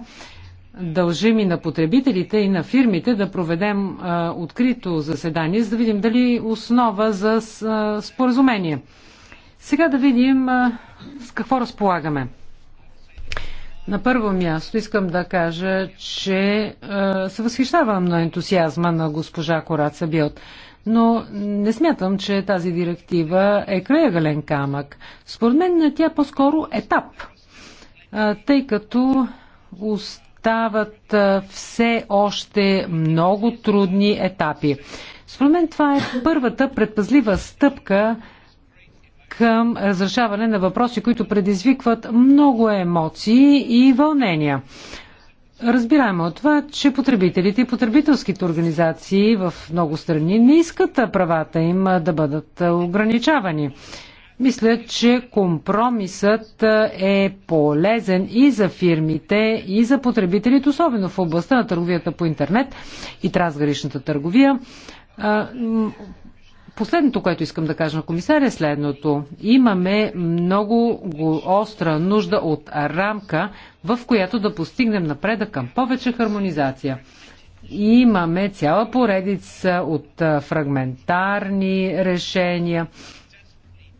дължим и на потребителите и на фирмите да проведем а, открито заседание, за да видим дали основа за а, споразумение. Сега да видим а, с какво разполагаме. На първо място искам да кажа, че а, се възхищавам на ентусиазма на госпожа Кораца Билт. Но не смятам, че тази директива е краягален камък. Според мен тя по-скоро етап, а, тъй като уст остават все още много трудни етапи. Според мен това е първата предпазлива стъпка към разрешаване на въпроси, които предизвикват много емоции и вълнения. Разбираемо от това, че потребителите и потребителските организации в много страни не искат правата им да бъдат ограничавани. Мисля, че компромисът е полезен и за фирмите, и за потребителите, особено в областта на търговията по интернет и трансграничната търговия. Последното, което искам да кажа на комисаря е следното. Имаме много остра нужда от рамка, в която да постигнем напредък към повече хармонизация. Имаме цяла поредица от фрагментарни решения,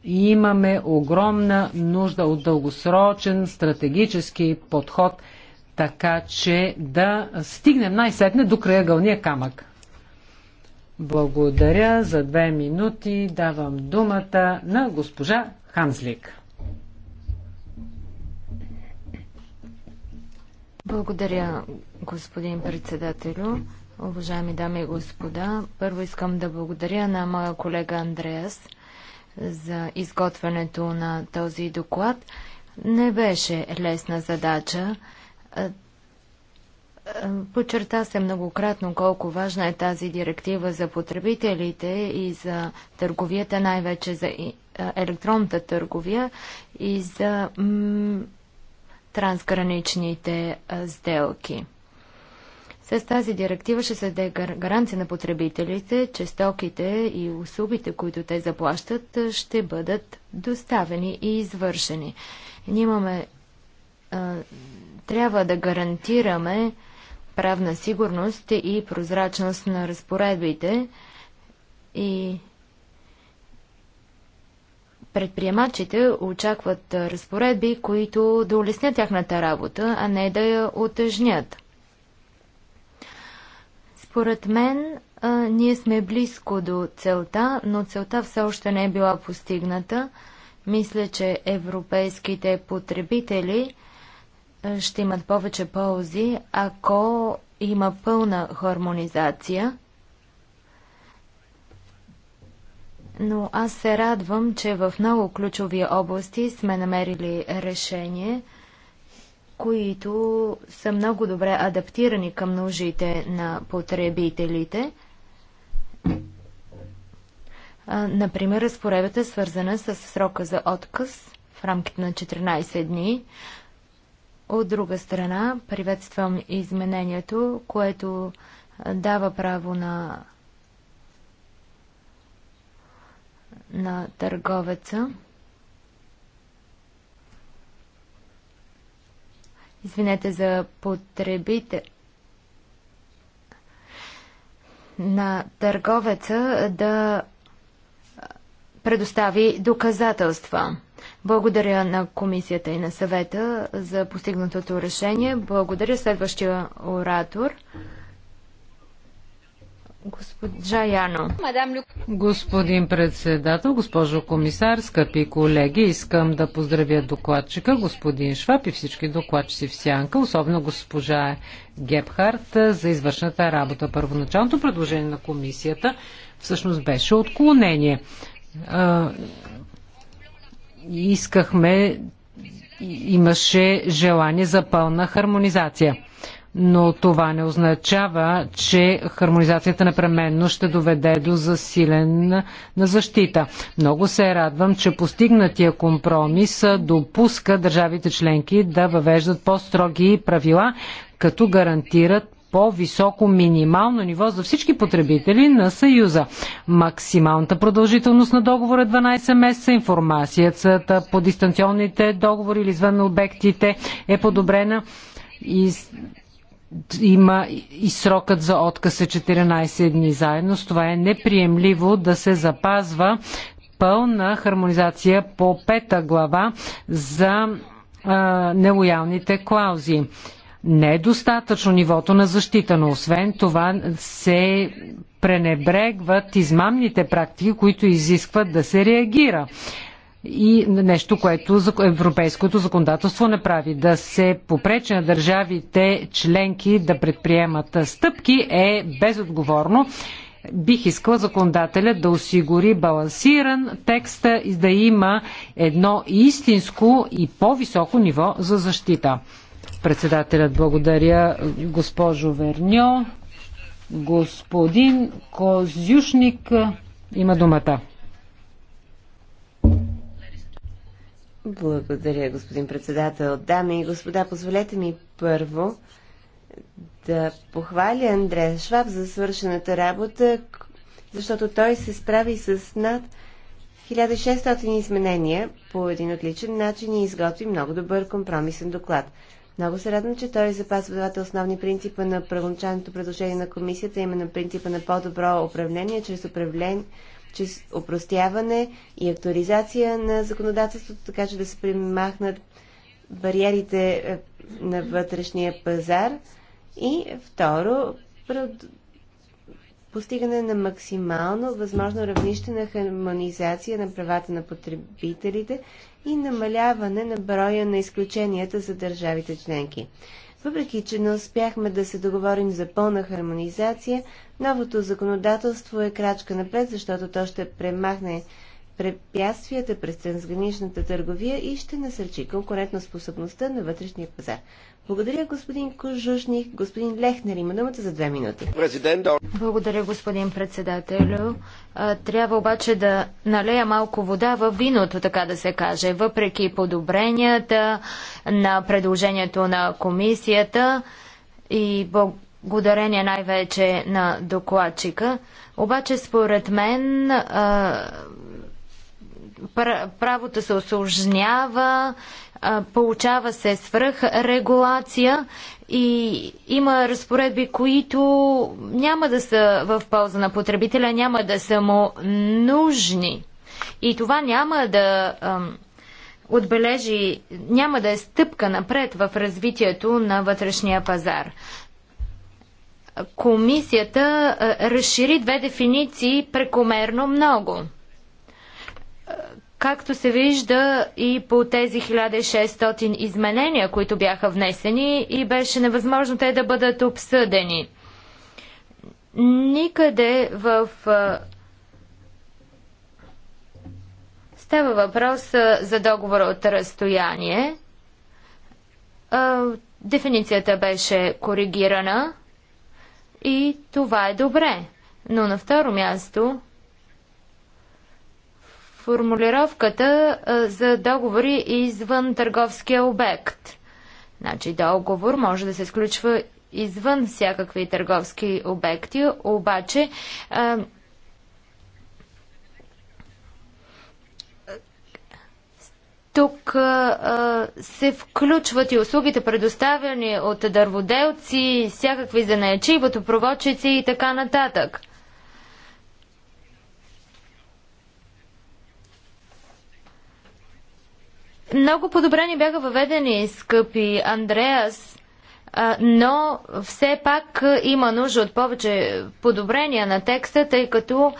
имаме огромна нужда от дългосрочен стратегически подход, така че да стигнем най-сетне до краягълния камък. Благодаря за две минути. Давам думата на госпожа Ханзлик. Благодаря, господин председателю. Уважаеми дами и господа, първо искам да благодаря на моя колега Андреас – за изготвянето на този доклад. Не беше лесна задача. Е, е, Почерта се многократно колко важна е тази директива за потребителите и за търговията, най-вече за е, електронната търговия и за трансграничните сделки. С тази директива ще се даде гаранция на потребителите, че стоките и услугите, които те заплащат, ще бъдат доставени и извършени. Ние имаме, а, трябва да гарантираме правна сигурност и прозрачност на разпоредбите и предприемачите очакват разпоредби, които да улеснят тяхната работа, а не да я отъжнят. Според мен, а, ние сме близко до целта, но целта все още не е била постигната. Мисля, че европейските потребители ще имат повече ползи, ако има пълна хармонизация. Но аз се радвам, че в много ключови области сме намерили решение – които са много добре адаптирани към нуждите на потребителите. Например, разпоредата е свързана с срока за отказ в рамките на 14 дни. От друга страна, приветствам изменението, което дава право на, на търговеца извинете, за потребите на търговеца да предостави доказателства. Благодаря на комисията и на съвета за постигнатото решение. Благодаря следващия оратор. Госпожа Яно. Господин председател, госпожо комисар, скъпи колеги, искам да поздравя докладчика, господин Шваб и всички докладчици в Сянка, особено госпожа Гепхарт за извършната работа. Първоначалното предложение на комисията всъщност беше отклонение. Искахме, имаше желание за пълна хармонизация но това не означава, че хармонизацията непременно ще доведе до засилен на защита. Много се радвам, че постигнатия компромис допуска държавите членки да въвеждат по-строги правила, като гарантират по-високо минимално ниво за всички потребители на Съюза. Максималната продължителност на договора е 12 месеца, информацията по дистанционните договори или извън обектите е подобрена и има и срокът за отказ е 14 дни. Заедно с това е неприемливо да се запазва пълна хармонизация по пета глава за а, нелоялните клаузи. Не е достатъчно нивото на защита, но освен това се пренебрегват измамните практики, които изискват да се реагира и нещо, което европейското законодателство направи. Да се попречи на държавите членки да предприемат стъпки е безотговорно. Бих искал законодателят да осигури балансиран текст и да има едно истинско и по-високо ниво за защита. Председателят благодаря госпожо Верньо. Господин Козюшник има думата. Благодаря, господин председател. Дами и господа, позволете ми първо да похваля Андрея Шваб за свършената работа, защото той се справи с над 1600 изменения по един отличен начин и изготви много добър компромисен доклад. Много се радвам, че той запазва двата основни принципа на първоначалното предложение на комисията, именно принципа на по-добро управление чрез управление чрез опростяване и актуализация на законодателството, така че да се примахнат бариерите е, на вътрешния пазар. И второ, постигане на максимално възможно равнище на хармонизация на правата на потребителите и намаляване на броя на изключенията за държавите членки. Въпреки, че не успяхме да се договорим за пълна хармонизация, новото законодателство е крачка напред, защото то ще премахне препятствията през трансграничната търговия и ще насърчи конкурентоспособността на вътрешния пазар. Благодаря, господин Кожушник. Господин Лехнер има думата за две минути. Благодаря, господин председател. Трябва обаче да налея малко вода в виното, така да се каже. Въпреки подобренията на предложението на комисията и благодарение най-вече на докладчика, обаче според мен правото се осложнява, получава се свръхрегулация и има разпоредби, които няма да са в полза на потребителя, няма да са му нужни. И това няма да отбележи, няма да е стъпка напред в развитието на вътрешния пазар. Комисията разшири две дефиниции прекомерно много – Както се вижда и по тези 1600 изменения, които бяха внесени и беше невъзможно те да бъдат обсъдени. Никъде в Става въпрос за договор от разстояние. Дефиницията беше коригирана и това е добре. Но на второ място формулировката за договори извън търговския обект. Значи договор може да се сключва извън всякакви търговски обекти, обаче тук а, се включват и услугите, предоставени от дърводелци, всякакви занаячи, водопроводчици и така нататък. Много подобрени бяха въведени, скъпи Андреас, но все пак има нужда от повече подобрения на текста, тъй като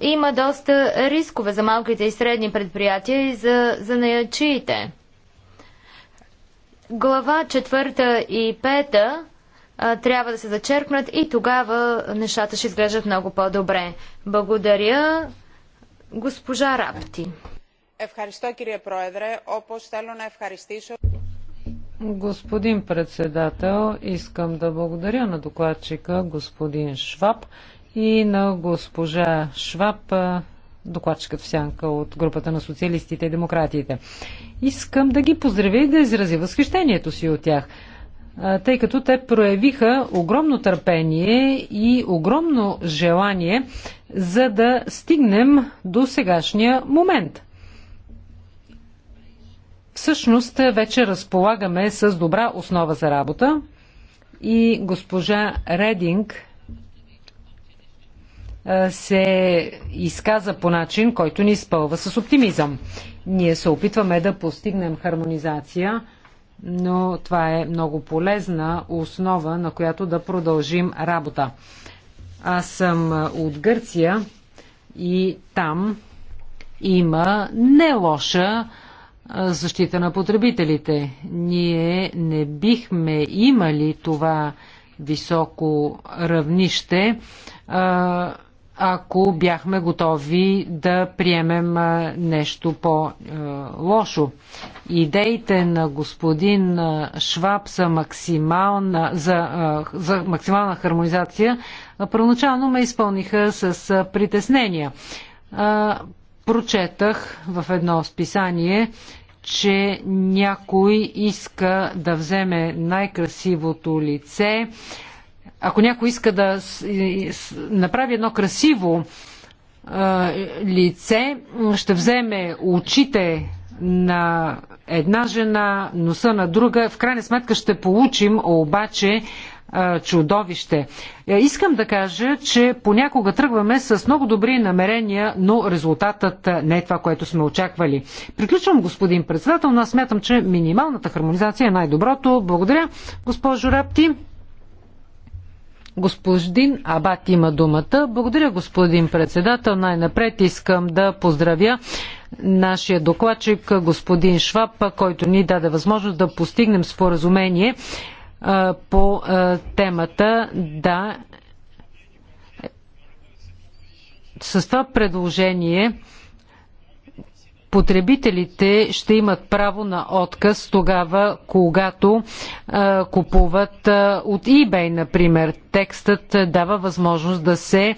има доста рискове за малките и средни предприятия и за, за наячиите. Глава четвърта и 5 трябва да се зачеркнат и тогава нещата ще изглеждат много по-добре. Благодаря, госпожа Рапти. Господин председател, искам да благодаря на докладчика господин Шваб и на госпожа Шваб, докладчика в сянка от групата на социалистите и демократите. Искам да ги поздравя и да изразя възхищението си от тях, тъй като те проявиха огромно търпение и огромно желание, за да стигнем до сегашния момент – Всъщност вече разполагаме с добра основа за работа и госпожа Рединг се изказа по начин, който ни изпълва с оптимизъм. Ние се опитваме да постигнем хармонизация, но това е много полезна основа, на която да продължим работа. Аз съм от Гърция и там има не лоша защита на потребителите. Ние не бихме имали това високо равнище, ако бяхме готови да приемем нещо по-лошо. Идеите на господин Шваб са максимална, за, за максимална хармонизация първоначално ме изпълниха с притеснения. Прочетах в едно списание, че някой иска да вземе най-красивото лице, ако някой иска да направи едно красиво лице, ще вземе очите на една жена, носа на друга. В крайна сметка ще получим обаче чудовище. Е, искам да кажа, че понякога тръгваме с много добри намерения, но резултатът не е това, което сме очаквали. Приключвам, господин председател, но аз смятам, че минималната хармонизация е най-доброто. Благодаря, госпожо Рапти. Господин Абат има думата. Благодаря, господин председател. Най-напред искам да поздравя нашия докладчик, господин Шваб, който ни даде възможност да постигнем споразумение по темата. Да, с това предложение потребителите ще имат право на отказ тогава, когато а, купуват а, от eBay, например. Текстът дава възможност да се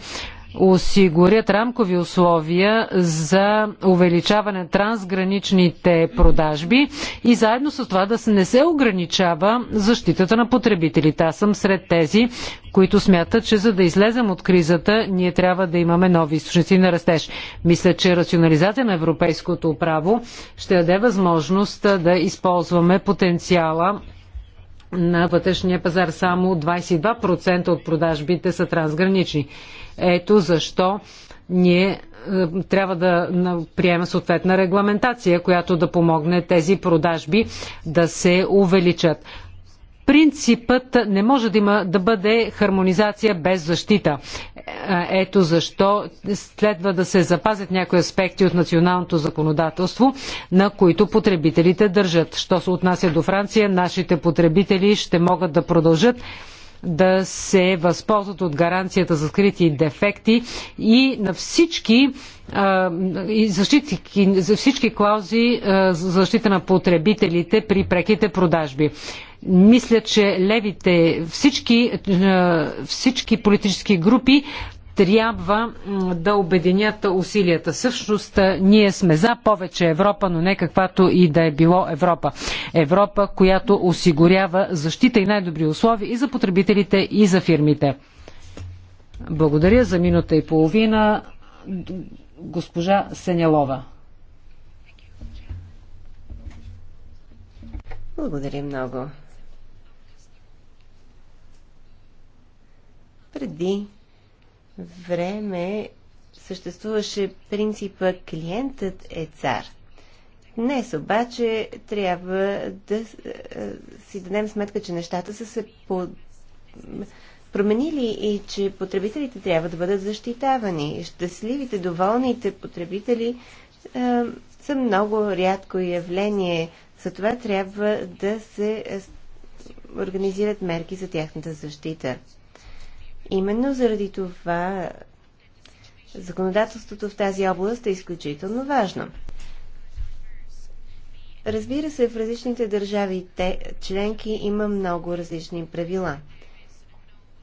осигурят рамкови условия за увеличаване на трансграничните продажби и заедно с това да не се ограничава защитата на потребителите. Аз съм сред тези, които смятат, че за да излезем от кризата, ние трябва да имаме нови източници на растеж. Мисля, че рационализация на европейското право ще даде възможност да използваме потенциала на вътрешния пазар. Само 22% от продажбите са трансгранични. Ето защо ние е, трябва да приемем съответна регламентация, която да помогне тези продажби да се увеличат принципът не може да, има, да бъде хармонизация без защита. Е, ето защо следва да се запазят някои аспекти от националното законодателство, на които потребителите държат. Що се отнася до Франция, нашите потребители ще могат да продължат да се възползват от гаранцията за скрити дефекти и на всички за всички клаузи за защита на потребителите при преките продажби. Мисля, че левите, всички, е, всички политически групи трябва да обединят усилията. Всъщност, е, ние сме за повече Европа, но не каквато и да е било Европа. Европа, която осигурява защита и най-добри условия и за потребителите, и за фирмите. Благодаря за минута и половина. Госпожа Сенялова. Благодаря много, преди време съществуваше принципа клиентът е цар. Днес обаче трябва да е, си дадем сметка, че нещата са се по... променили и че потребителите трябва да бъдат защитавани. Щастливите, доволните потребители е, са много рядко явление. Затова трябва да се е, организират мерки за тяхната защита. Именно заради това законодателството в тази област е изключително важно. Разбира се, в различните държави те, членки има много различни правила.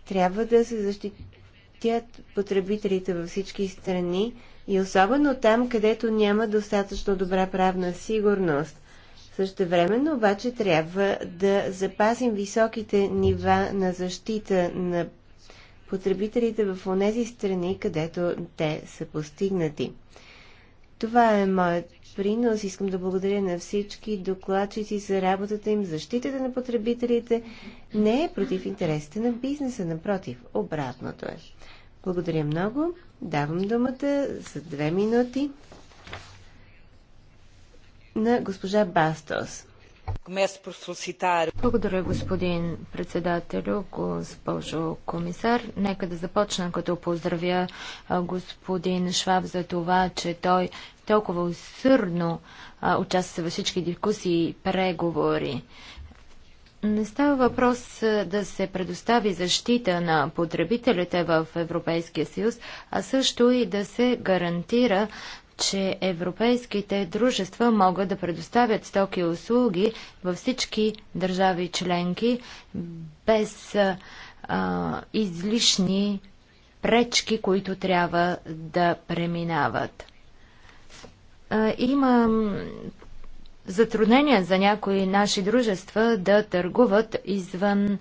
Трябва да се защитят потребителите във всички страни и особено там, където няма достатъчно добра правна сигурност. Същевременно обаче трябва да запазим високите нива на защита на потребителите в тези страни, където те са постигнати. Това е моят принос. Искам да благодаря на всички докладчици за работата им. Защитата на потребителите не е против интересите на бизнеса, напротив, обратното е. Благодаря много. Давам думата за две минути на госпожа Бастос. Благодаря, господин председател, госпожо комисар. Нека да започна като поздравя господин Шваб за това, че той толкова усърдно участва във всички дискусии и преговори. Не става въпрос да се предостави защита на потребителите в Европейския съюз, а също и да се гарантира че европейските дружества могат да предоставят стоки и услуги във всички държави членки без а, излишни пречки, които трябва да преминават. А, има затруднения за някои наши дружества да търгуват извън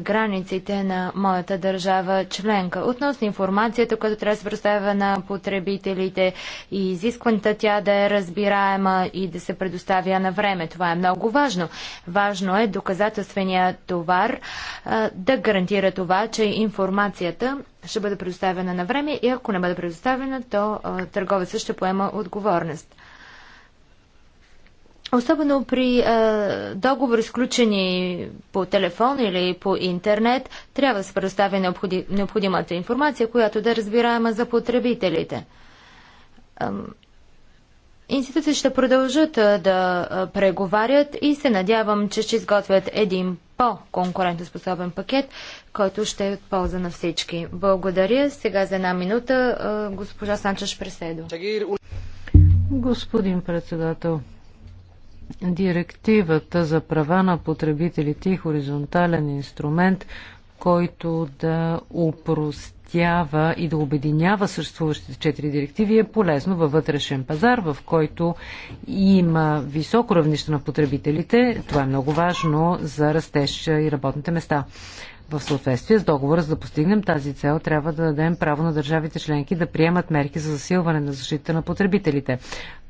границите на моята държава членка. Относно информацията, която трябва да се представя на потребителите и изискването тя да е разбираема и да се предоставя на време. Това е много важно. Важно е доказателствения товар да гарантира това, че информацията ще бъде предоставена на време и ако не бъде предоставена, то търговецът ще поема отговорност. Особено при е, договори, сключени по телефон или по интернет, трябва да се предоставя необходи, необходимата информация, която да е разбираема за потребителите. Е, институции ще продължат е, да преговарят и се надявам, че ще изготвят един по-конкурентоспособен пакет, който ще е от полза на всички. Благодаря. Сега за една минута е, госпожа Санчаш Преседо. Господин председател, Директивата за права на потребителите и е хоризонтален инструмент, който да упростява и да обединява съществуващите четири директиви е полезно във вътрешен пазар, в който има високо равнище на потребителите. Това е много важно за растеж и работните места. В съответствие с договора, за да постигнем тази цел, трябва да дадем право на държавите членки да приемат мерки за засилване на защита на потребителите.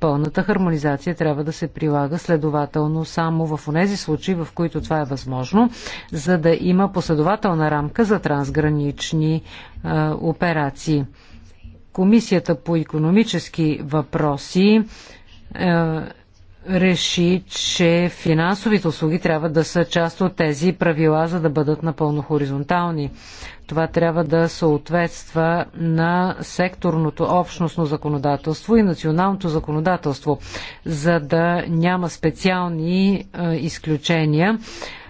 Пълната хармонизация трябва да се прилага следователно само в онези случаи, в които това е възможно, за да има последователна рамка за трансгранични а, операции. Комисията по економически въпроси реши, че финансовите услуги трябва да са част от тези правила, за да бъдат напълно хоризонтални. Това трябва да съответства на секторното общностно законодателство и националното законодателство, за да няма специални изключения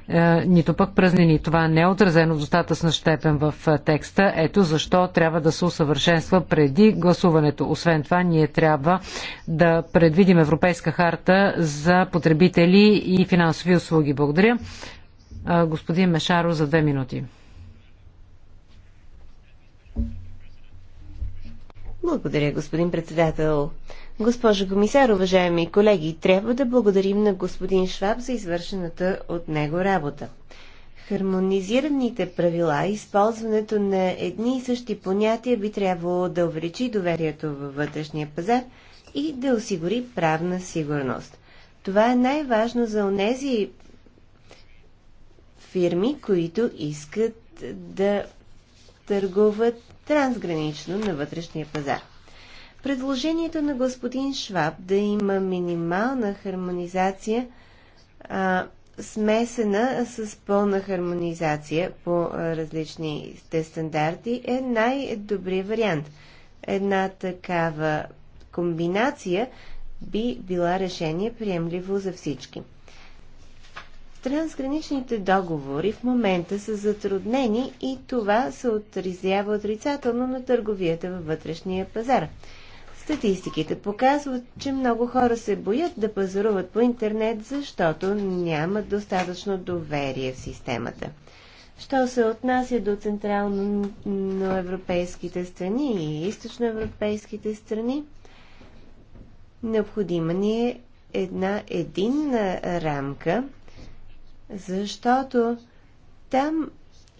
е, нито пък празнини. Това не е отразено в достатъчна степен в е, текста. Ето защо трябва да се усъвършенства преди гласуването. Освен това, ние трябва да предвидим Европейска харта за потребители и финансови услуги. Благодаря. Е, господин Мешаро за две минути. Благодаря, господин председател. Госпожо комисар, уважаеми колеги, трябва да благодарим на господин Шваб за извършената от него работа. Хармонизираните правила и използването на едни и същи понятия би трябвало да увеличи доверието във вътрешния пазар и да осигури правна сигурност. Това е най-важно за онези фирми, които искат да търгуват трансгранично на вътрешния пазар. Предложението на господин Шваб да има минимална хармонизация, а, смесена с пълна хармонизация по различните стандарти, е най-добрият вариант. Една такава комбинация би била решение приемливо за всички. Трансграничните договори в момента са затруднени и това се отразява отрицателно на търговията във вътрешния пазар. Статистиките показват, че много хора се боят да пазаруват по интернет, защото нямат достатъчно доверие в системата. Що се отнася до централно-европейските страни и източноевропейските страни, необходима ни е една единна рамка, защото там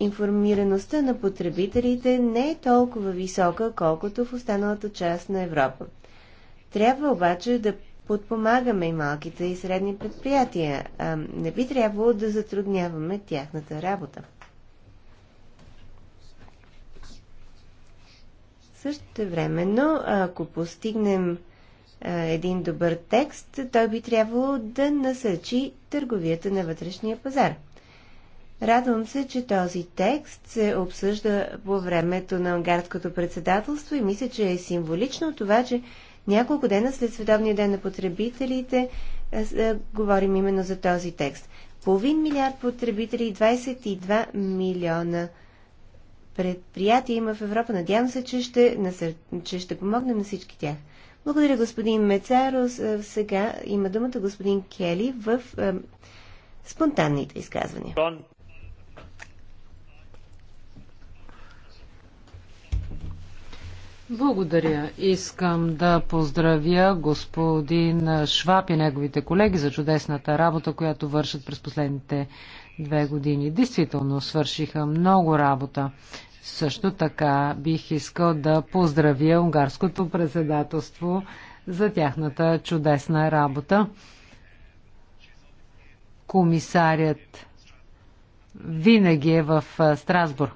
информираността на потребителите не е толкова висока, колкото в останалата част на Европа. Трябва обаче да подпомагаме и малките и средни предприятия, а не би трябвало да затрудняваме тяхната работа. време, но ако постигнем а, един добър текст, той би трябвало да насърчи търговията на вътрешния пазар – Радвам се, че този текст се обсъжда по времето на унгарското председателство и мисля, че е символично това, че няколко дена след Световния ден на потребителите е, е, говорим именно за този текст. Половин милиард потребители и 22 милиона предприятия има в Европа. Надявам се, че ще, насър... че ще помогнем на всички тях. Благодаря, господин Мецарос. Е, сега има думата господин Кели в е, спонтанните изказвания. Благодаря. Искам да поздравя господин Шваб и неговите колеги за чудесната работа, която вършат през последните две години. Действително свършиха много работа. Също така бих искал да поздравя унгарското председателство за тяхната чудесна работа. Комисарят винаги е в Страсбург.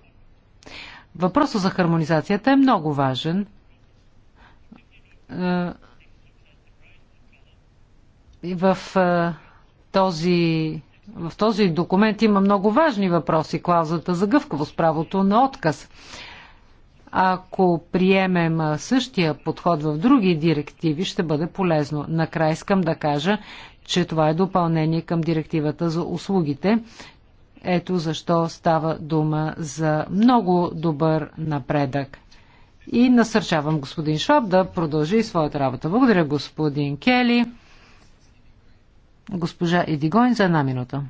Въпросът за хармонизацията е много важен. Е, в е, този, в този документ има много важни въпроси. Клаузата за гъвкавост, правото на отказ. Ако приемем е, същия подход в други директиви, ще бъде полезно. Накрая искам да кажа, че това е допълнение към директивата за услугите. Ето защо става дума за много добър напредък. И насърчавам господин Шоп да продължи своята работа. Благодаря господин Кели. Госпожа Едигойн за една минута.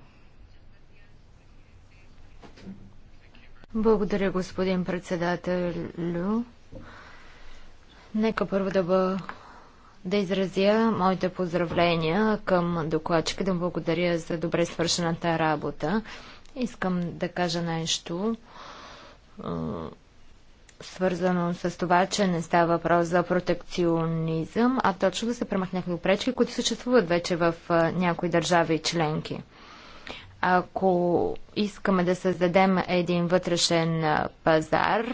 Благодаря, господин председателю. Нека първо да, бъ... да изразя моите поздравления към докладчика, да благодаря за добре свършената работа. Искам да кажа нещо свързано с това, че не става въпрос за протекционизъм, а точно да се премахнат някакви пречки, които съществуват вече в някои държави и членки. Ако искаме да създадем един вътрешен пазар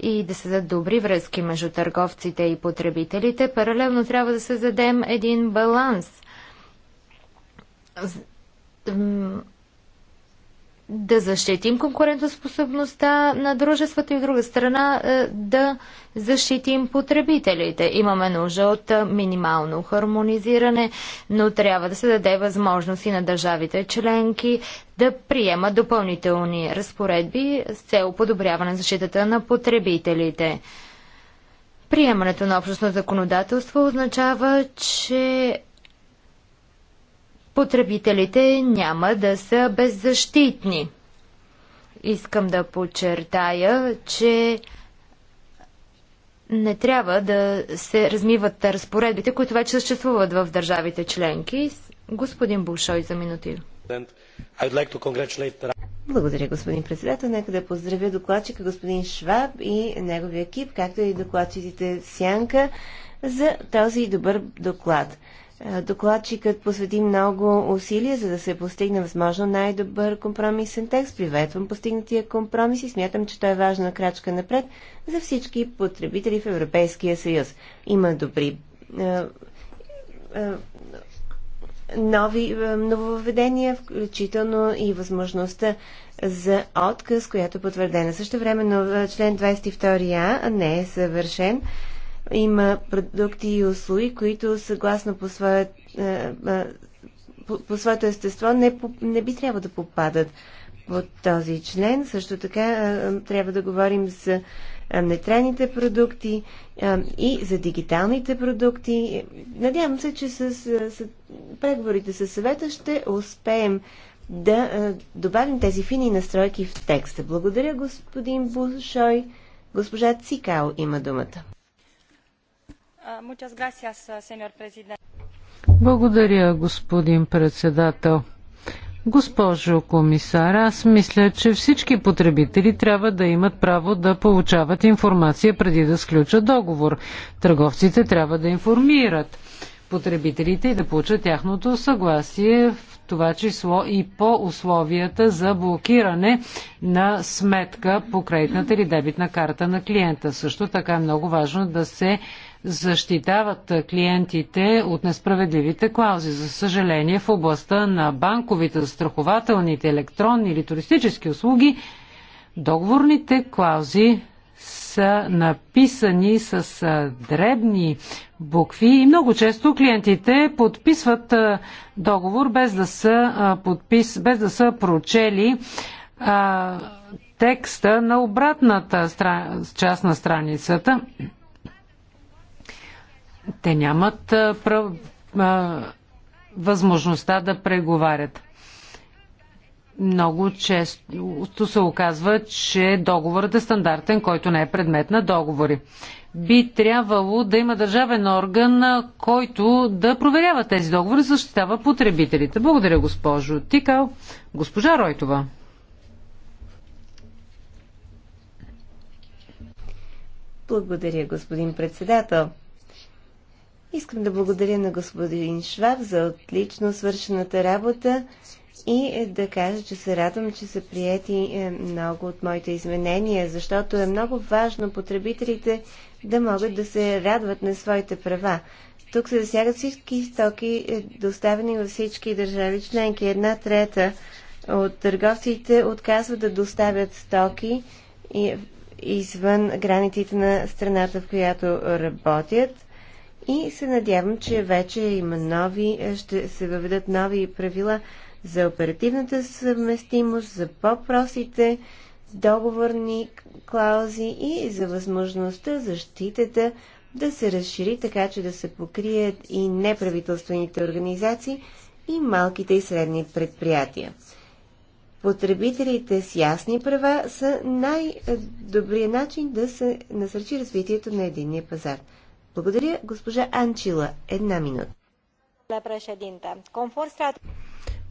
и да създадат добри връзки между търговците и потребителите, паралелно трябва да създадем един баланс да защитим конкурентоспособността на дружеството и от друга страна е, да защитим потребителите. Имаме нужда от е, минимално хармонизиране, но трябва да се даде възможност и на държавите членки да приемат допълнителни разпоредби с цел подобряване на защитата на потребителите. Приемането на общностно законодателство означава, че потребителите няма да са беззащитни. Искам да подчертая, че не трябва да се размиват разпоредбите, които вече съществуват в държавите членки. Господин Бушой за минути. Благодаря, господин председател. Нека да поздравя докладчика господин Шваб и неговия екип, както и докладчиците Сянка за този добър доклад. Е, докладчикът посвети много усилия, за да се постигне възможно най-добър компромисен текст. Приветвам постигнатия компромис и смятам, че той е важна крачка напред за всички потребители в Европейския съюз. Има добри е, е, нови нововведения, включително и възможността за отказ, която е потвърдена. Също време, но член 22а не е съвършен има продукти и услуги, които съгласно по, своят, е, е, по, по своето естество не, не би трябва да попадат под този член. Също така е, трябва да говорим за нетрайните продукти и за дигиталните продукти. Надявам се, че с, с преговорите с съвета ще успеем да добавим тези фини настройки в текста. Благодаря, господин Бушой. Госпожа Цикао има думата. Благодаря, господин председател. Госпожо комисар, аз мисля, че всички потребители трябва да имат право да получават информация преди да сключат договор. Търговците трябва да информират потребителите и да получат тяхното съгласие, в това число и по условията за блокиране на сметка по кредитната или дебитна карта на клиента. Също така е много важно да се защитават клиентите от несправедливите клаузи. За съжаление, в областта на банковите, застрахователните, електронни или туристически услуги, договорните клаузи са написани с дребни букви и много често клиентите подписват договор без да са, подпис, без да са прочели текста на обратната част на страницата. Те нямат прав... възможността да преговарят. Много често се оказва, че договорът е стандартен, който не е предмет на договори. Би трябвало да има държавен орган, който да проверява тези договори и защитава потребителите. Благодаря, госпожо Тикал. Госпожа Ройтова. Благодаря, господин председател. Искам да благодаря на господин Шваб за отлично свършената работа и е, да кажа, че се радвам, че са приети е, много от моите изменения, защото е много важно потребителите да могат да се радват на своите права. Тук се засягат всички стоки, е, доставени във всички държави членки. Една трета от търговците отказват да доставят стоки извън границите на страната, в която работят и се надявам, че вече има нови, е, ще се въведат нови правила за оперативната съвместимост, за по-простите договорни клаузи и за възможността защитата да се разшири така, че да се покрият и неправителствените организации и малките и средни предприятия. Потребителите с ясни права са най-добрият начин да се насърчи развитието на единния пазар. Благодаря, госпожа Анчила. Една минута.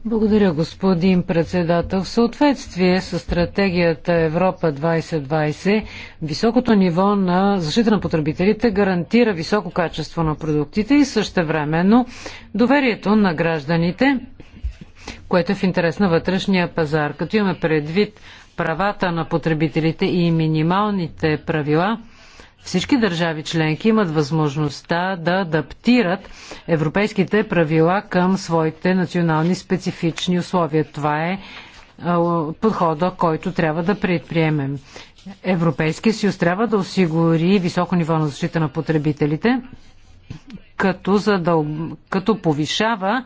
Благодаря, господин председател. В съответствие с стратегията Европа 2020, високото ниво на защита на потребителите гарантира високо качество на продуктите и същевременно доверието на гражданите, което е в интерес на вътрешния пазар. Като имаме предвид правата на потребителите и минималните правила, всички държави членки имат възможността да адаптират европейските правила към своите национални специфични условия. Това е подхода, който трябва да предприемем. Европейския съюз трябва да осигури високо ниво на защита на потребителите, като, задъл... като повишава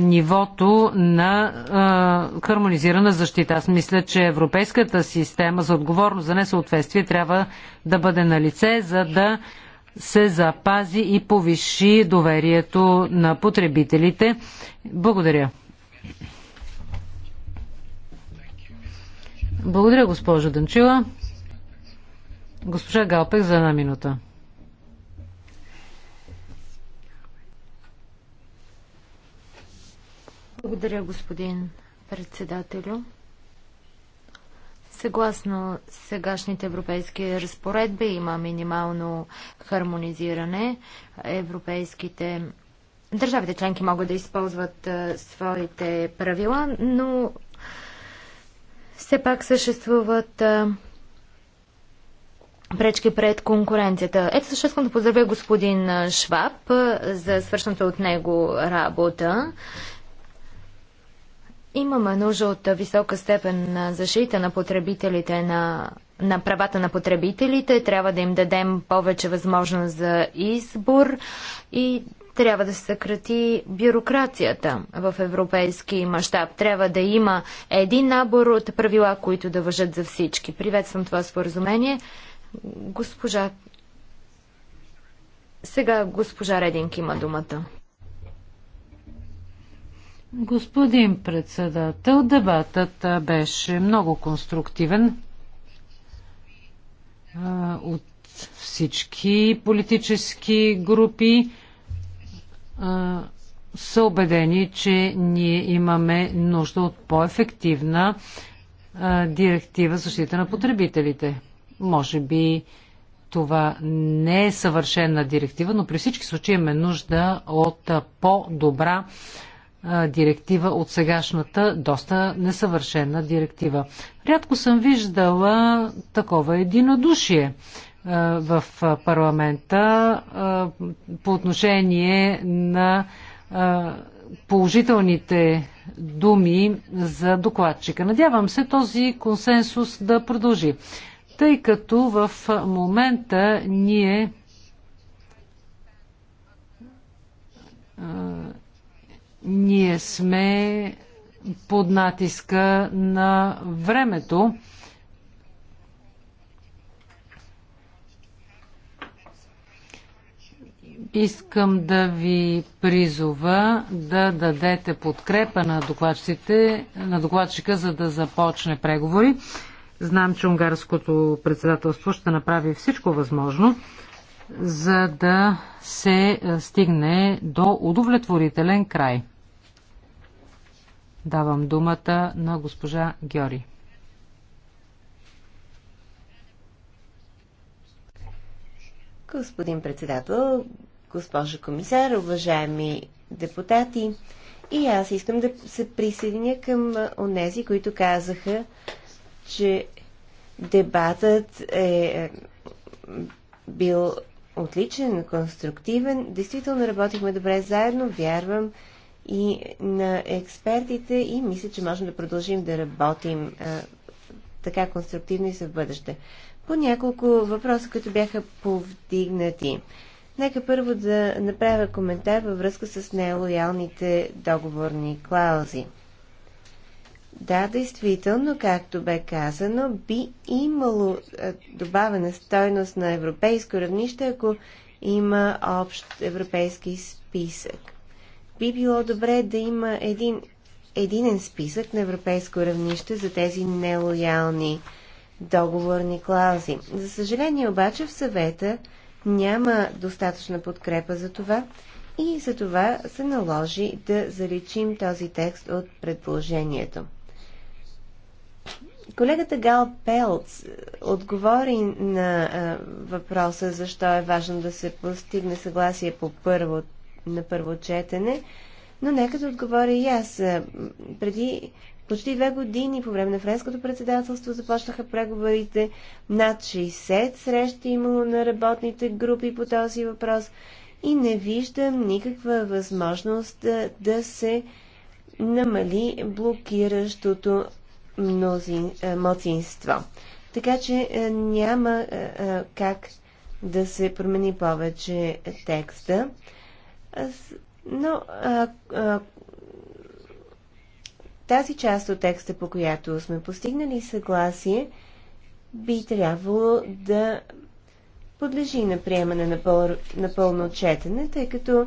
нивото на а, хармонизирана защита. Аз мисля, че европейската система за отговорност за несъответствие трябва да бъде на лице, за да се запази и повиши доверието на потребителите. Благодаря. Благодаря, госпожо Дънчила. Госпожа Галпек за една минута. Благодаря, господин председателю. Съгласно сегашните европейски разпоредби има минимално хармонизиране. Европейските държавите членки могат да използват своите правила, но все пак съществуват пречки пред конкуренцията. Ето също искам да поздравя господин Шваб за свършната от него работа. Имаме нужда от висока степен на защита на потребителите на на правата на потребителите, трябва да им дадем повече възможност за избор и трябва да се съкрати бюрокрацията в европейски мащаб. Трябва да има един набор от правила, които да въжат за всички. Приветствам това споразумение. Госпожа... Сега госпожа Рединг има думата. Господин председател, дебатът беше много конструктивен от всички политически групи са убедени, че ние имаме нужда от по-ефективна директива за защита на потребителите. Може би това не е съвършена директива, но при всички случаи имаме нужда от по-добра директива от сегашната, доста несъвършена директива. Рядко съм виждала такова единодушие в парламента по отношение на положителните думи за докладчика. Надявам се този консенсус да продължи, тъй като в момента ние ние сме под натиска на времето. Искам да ви призова да дадете подкрепа на докладчиците, на докладчика, за да започне преговори. Знам, че унгарското председателство ще направи всичко възможно, за да се стигне до удовлетворителен край. Давам думата на госпожа Гьори. Господин председател, госпожа комисар, уважаеми депутати, и аз искам да се присъединя към онези, които казаха, че дебатът е, е бил отличен, конструктивен. Действително работихме добре заедно, вярвам, и на експертите и мисля, че можем да продължим да работим а, така конструктивно и за бъдеще. По няколко въпроса, които бяха повдигнати. Нека първо да направя коментар във връзка с нелоялните договорни клаузи. Да, действително, както бе казано, би имало добавена стойност на европейско равнище, ако има общ европейски списък. Би било добре да има един единен списък на европейско равнище за тези нелоялни договорни клаузи. За съжаление обаче в съвета няма достатъчна подкрепа за това и за това се наложи да заличим този текст от предложението. Колегата Гал Пелц отговори на а, въпроса защо е важно да се постигне съгласие по първо на първо четене, но нека да отговоря и аз. Преди почти две години по време на френското председателство започнаха преговорите. Над 60 срещи е имало на работните групи по този въпрос и не виждам никаква възможност да, да се намали блокиращото мнозинство. Така че няма как да се промени повече текста. Но а, а, тази част от текста, по която сме постигнали съгласие, би трябвало да подлежи на приемане на, пъл, на пълно четене, тъй като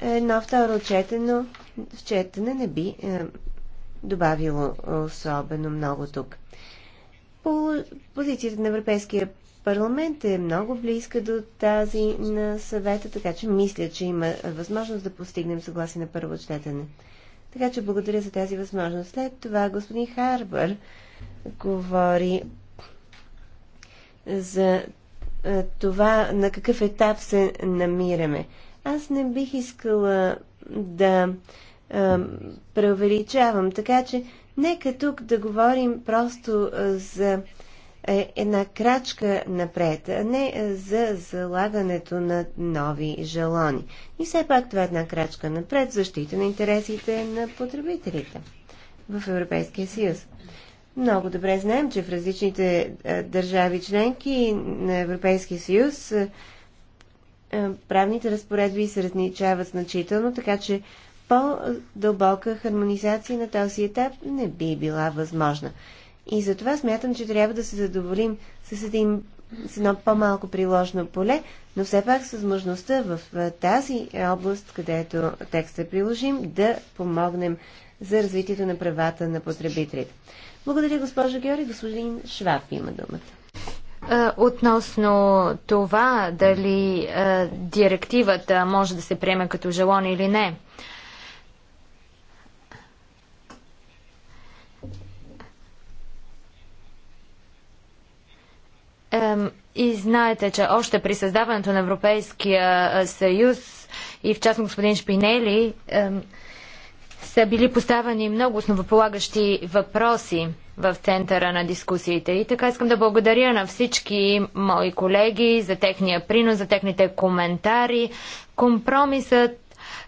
едно второ четено, четене не би е, добавило особено много тук. По позицията на Европейския парламент е много близка до тази на съвета, така че мисля, че има възможност да постигнем съгласие на първо четене. Така че благодаря за тази възможност. След това господин Харбър говори за е, това на какъв етап се намираме. Аз не бих искала да е, преувеличавам, така че нека тук да говорим просто е, за е една крачка напред, а не е, за залагането на нови жалони. И все пак това е една крачка напред, защита на интересите на потребителите в Европейския съюз. Много добре знаем, че в различните е, държави членки на Европейския съюз е, правните разпоредби се разничават значително, така че по-дълбока хармонизация на този етап не би била възможна. И затова смятам, че трябва да се задоволим с, един, с едно по-малко приложно поле, но все пак с възможността в е, тази област, където текстът е приложим, да помогнем за развитието на правата на потребителите. Благодаря, госпожо Георги. Господин Шваб има думата. Е, относно това дали е, директивата може да се приеме като желание или не, И знаете, че още при създаването на Европейския е, съюз и в частност господин Шпинели са били поставени много основополагащи въпроси в центъра на дискусиите. И така искам да благодаря на всички мои колеги за техния принос, за техните коментари. Компромисът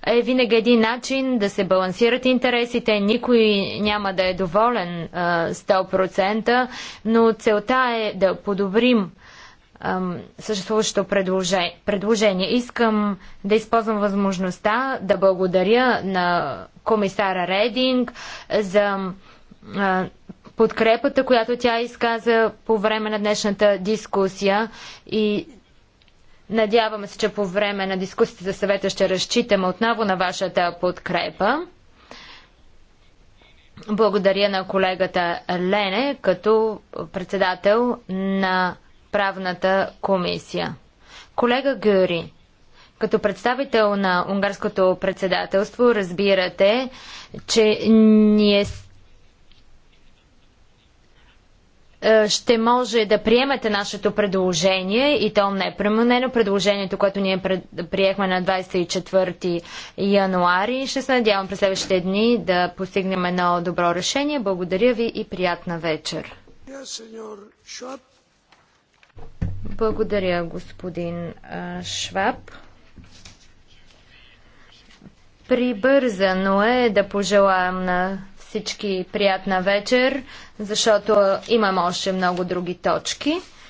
е винаги един начин да се балансират интересите. Никой няма да е доволен 100%, но целта е да подобрим съществуващото предложение. Искам да използвам възможността да благодаря на комисара Рединг за подкрепата, която тя изказа по време на днешната дискусия и Надяваме се, че по време на дискусията за съвета ще разчитаме отново на вашата подкрепа. Благодаря на колегата Лене като председател на правната комисия. Колега Гюри, като представител на унгарското председателство разбирате, че ние Е, ще може да приемете нашето предложение и то не е променено. Предложението, което ние приехме на 24 януари. Ще се надявам през следващите дни да постигнем едно добро решение. Благодаря ви и приятна вечер. Благодаря, господин Шваб. Прибързано е да пожелаем на всички приятна вечер, защото имам още много други точки.